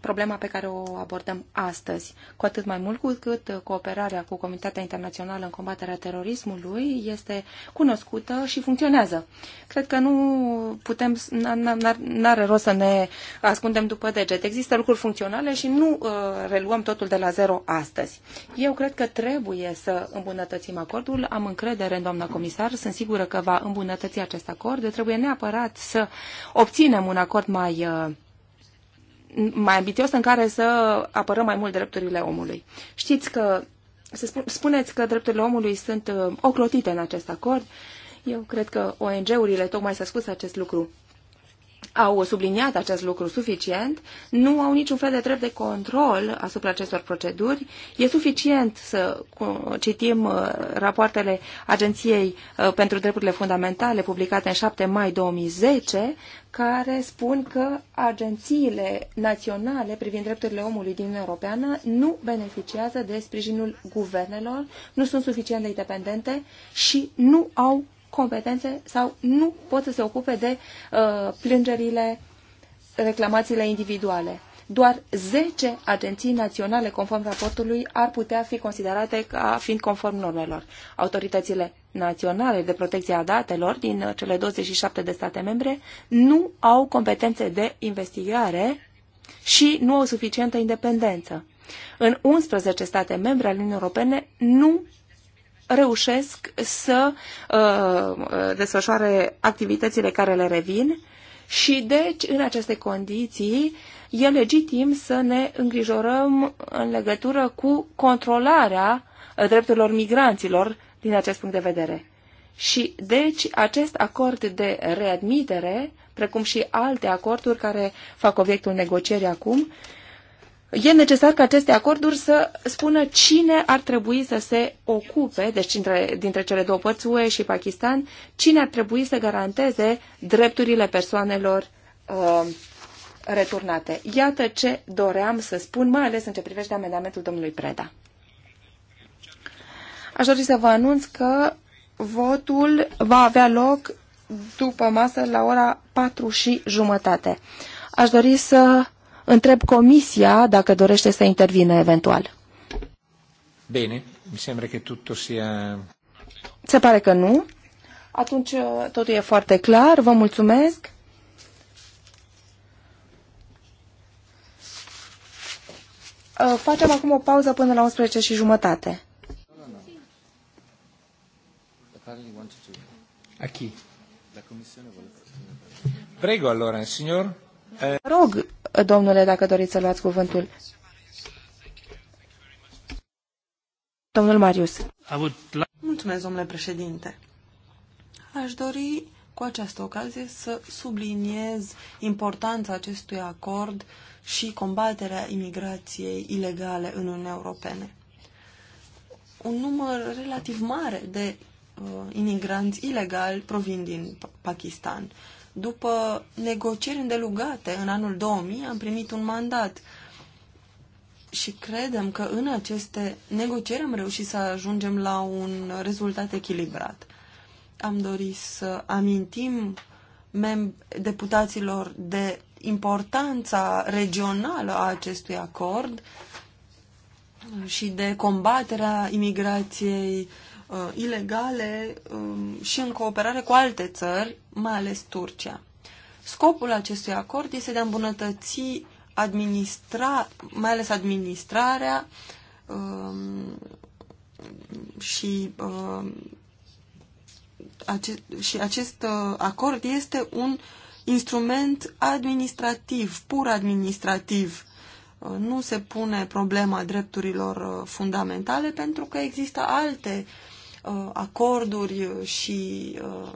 S3: problema pe care o abordăm astăzi. Cu atât mai mult cu cât cooperarea cu Comunitatea Internațională în combaterea terorismului este cunoscută și funcționează. Cred că nu putem, n-are rost să ne ascundem după deget. Există lucruri funcționale și nu uh, reluăm totul de la zero astăzi. Eu cred că trebuie să îmbunătățim acordul. Am încredere în doamna comisar. Sunt sigură că va îmbunătăți acest acord. Trebuie neapărat să obținem un acord mai uh, mai ambițios în care să apărăm mai mult drepturile omului. Știți că să spuneți că drepturile omului sunt uh, ocrotite în acest acord. Eu cred că ONG-urile tocmai s-a spus acest lucru au subliniat acest lucru suficient, nu au niciun fel de drept de control asupra acestor proceduri. E suficient să citim uh, rapoartele Agenției uh, pentru Drepturile Fundamentale publicate în 7 mai 2010, care spun că agențiile naționale privind drepturile omului din Europeană nu beneficiază de sprijinul guvernelor, nu sunt suficient de independente și nu au competențe sau nu pot să se ocupe de uh, plângerile, reclamațiile individuale. Doar 10 agenții naționale, conform raportului, ar putea fi considerate ca fiind conform normelor. Autoritățile naționale de protecție a datelor din uh, cele 27 de state membre nu au competențe de investigare și nu au suficientă independență. În 11 state membre ale Uniunii Europene nu reușesc să uh, desfășoare activitățile care le revin și deci în aceste condiții e legitim să ne îngrijorăm în legătură cu controlarea drepturilor migranților din acest punct de vedere. Și deci acest acord de readmitere, precum și alte acorduri care fac obiectul negocierii acum, e necesar ca aceste acorduri să spună cine ar trebui să se ocupe, deci dintre, dintre cele două părți, UE și Pakistan, cine ar trebui să garanteze drepturile persoanelor uh, returnate. Iată ce doream să spun, mai ales în ce privește amendamentul domnului Preda. Aș dori să vă anunț că votul va avea loc după masă la ora 4 și jumătate. Aș dori să întreb Comisia dacă dorește să intervină eventual.
S2: Bine, mi că sia...
S3: Se pare că nu. Atunci uh, totul e foarte clar. Vă mulțumesc. Uh, facem acum o pauză până la 11 și jumătate.
S2: A chi? Prego allora, signor.
S3: Rog, domnule, dacă doriți să luați cuvântul. Domnul
S1: Marius. Mulțumesc, domnule președinte. Aș dori cu această ocazie să subliniez importanța acestui acord și combaterea imigrației ilegale în Uniunea Europene. Un număr relativ mare de uh, imigranți ilegali provin din Pakistan. După negocieri îndelugate, în anul 2000 am primit un mandat și credem că în aceste negocieri am reușit să ajungem la un rezultat echilibrat. Am dorit să amintim deputaților de importanța regională a acestui acord și de combaterea imigrației uh, ilegale um, și în cooperare cu alte țări, mai ales Turcia. Scopul acestui acord este de a îmbunătăți administra, mai ales administrarea um, și, um, ace și acest uh, acord este un instrument administrativ, pur administrativ. Uh, nu se pune problema drepturilor uh, fundamentale pentru că există alte uh, Uh, acorduri și uh,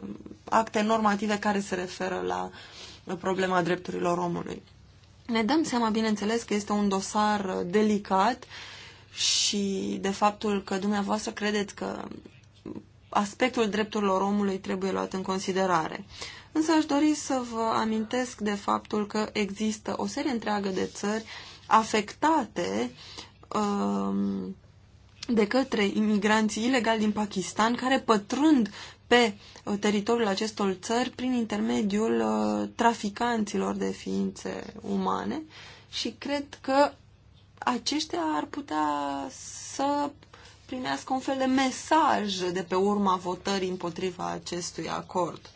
S1: acte normative care se referă la problema drepturilor omului. Ne dăm seama, bineînțeles, că este un dosar uh, delicat și de faptul că dumneavoastră credeți că aspectul drepturilor omului trebuie luat în considerare. Însă aș dori să vă amintesc de faptul că există o serie întreagă de țări afectate um, de către imigranții ilegali din Pakistan care pătrund pe uh, teritoriul acestor țări prin intermediul uh, traficanților de ființe umane și cred că aceștia ar putea să primească un fel de mesaj de pe urma votării împotriva acestui acord.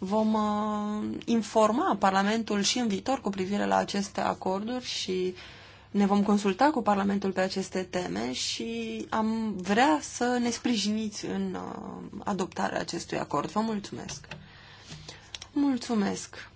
S1: vom uh, informa Parlamentul și în viitor cu privire la aceste acorduri și ne vom consulta cu Parlamentul pe aceste teme și am vrea să ne sprijiniți în uh, adoptarea acestui acord. Vă mulțumesc!
S3: Mulțumesc!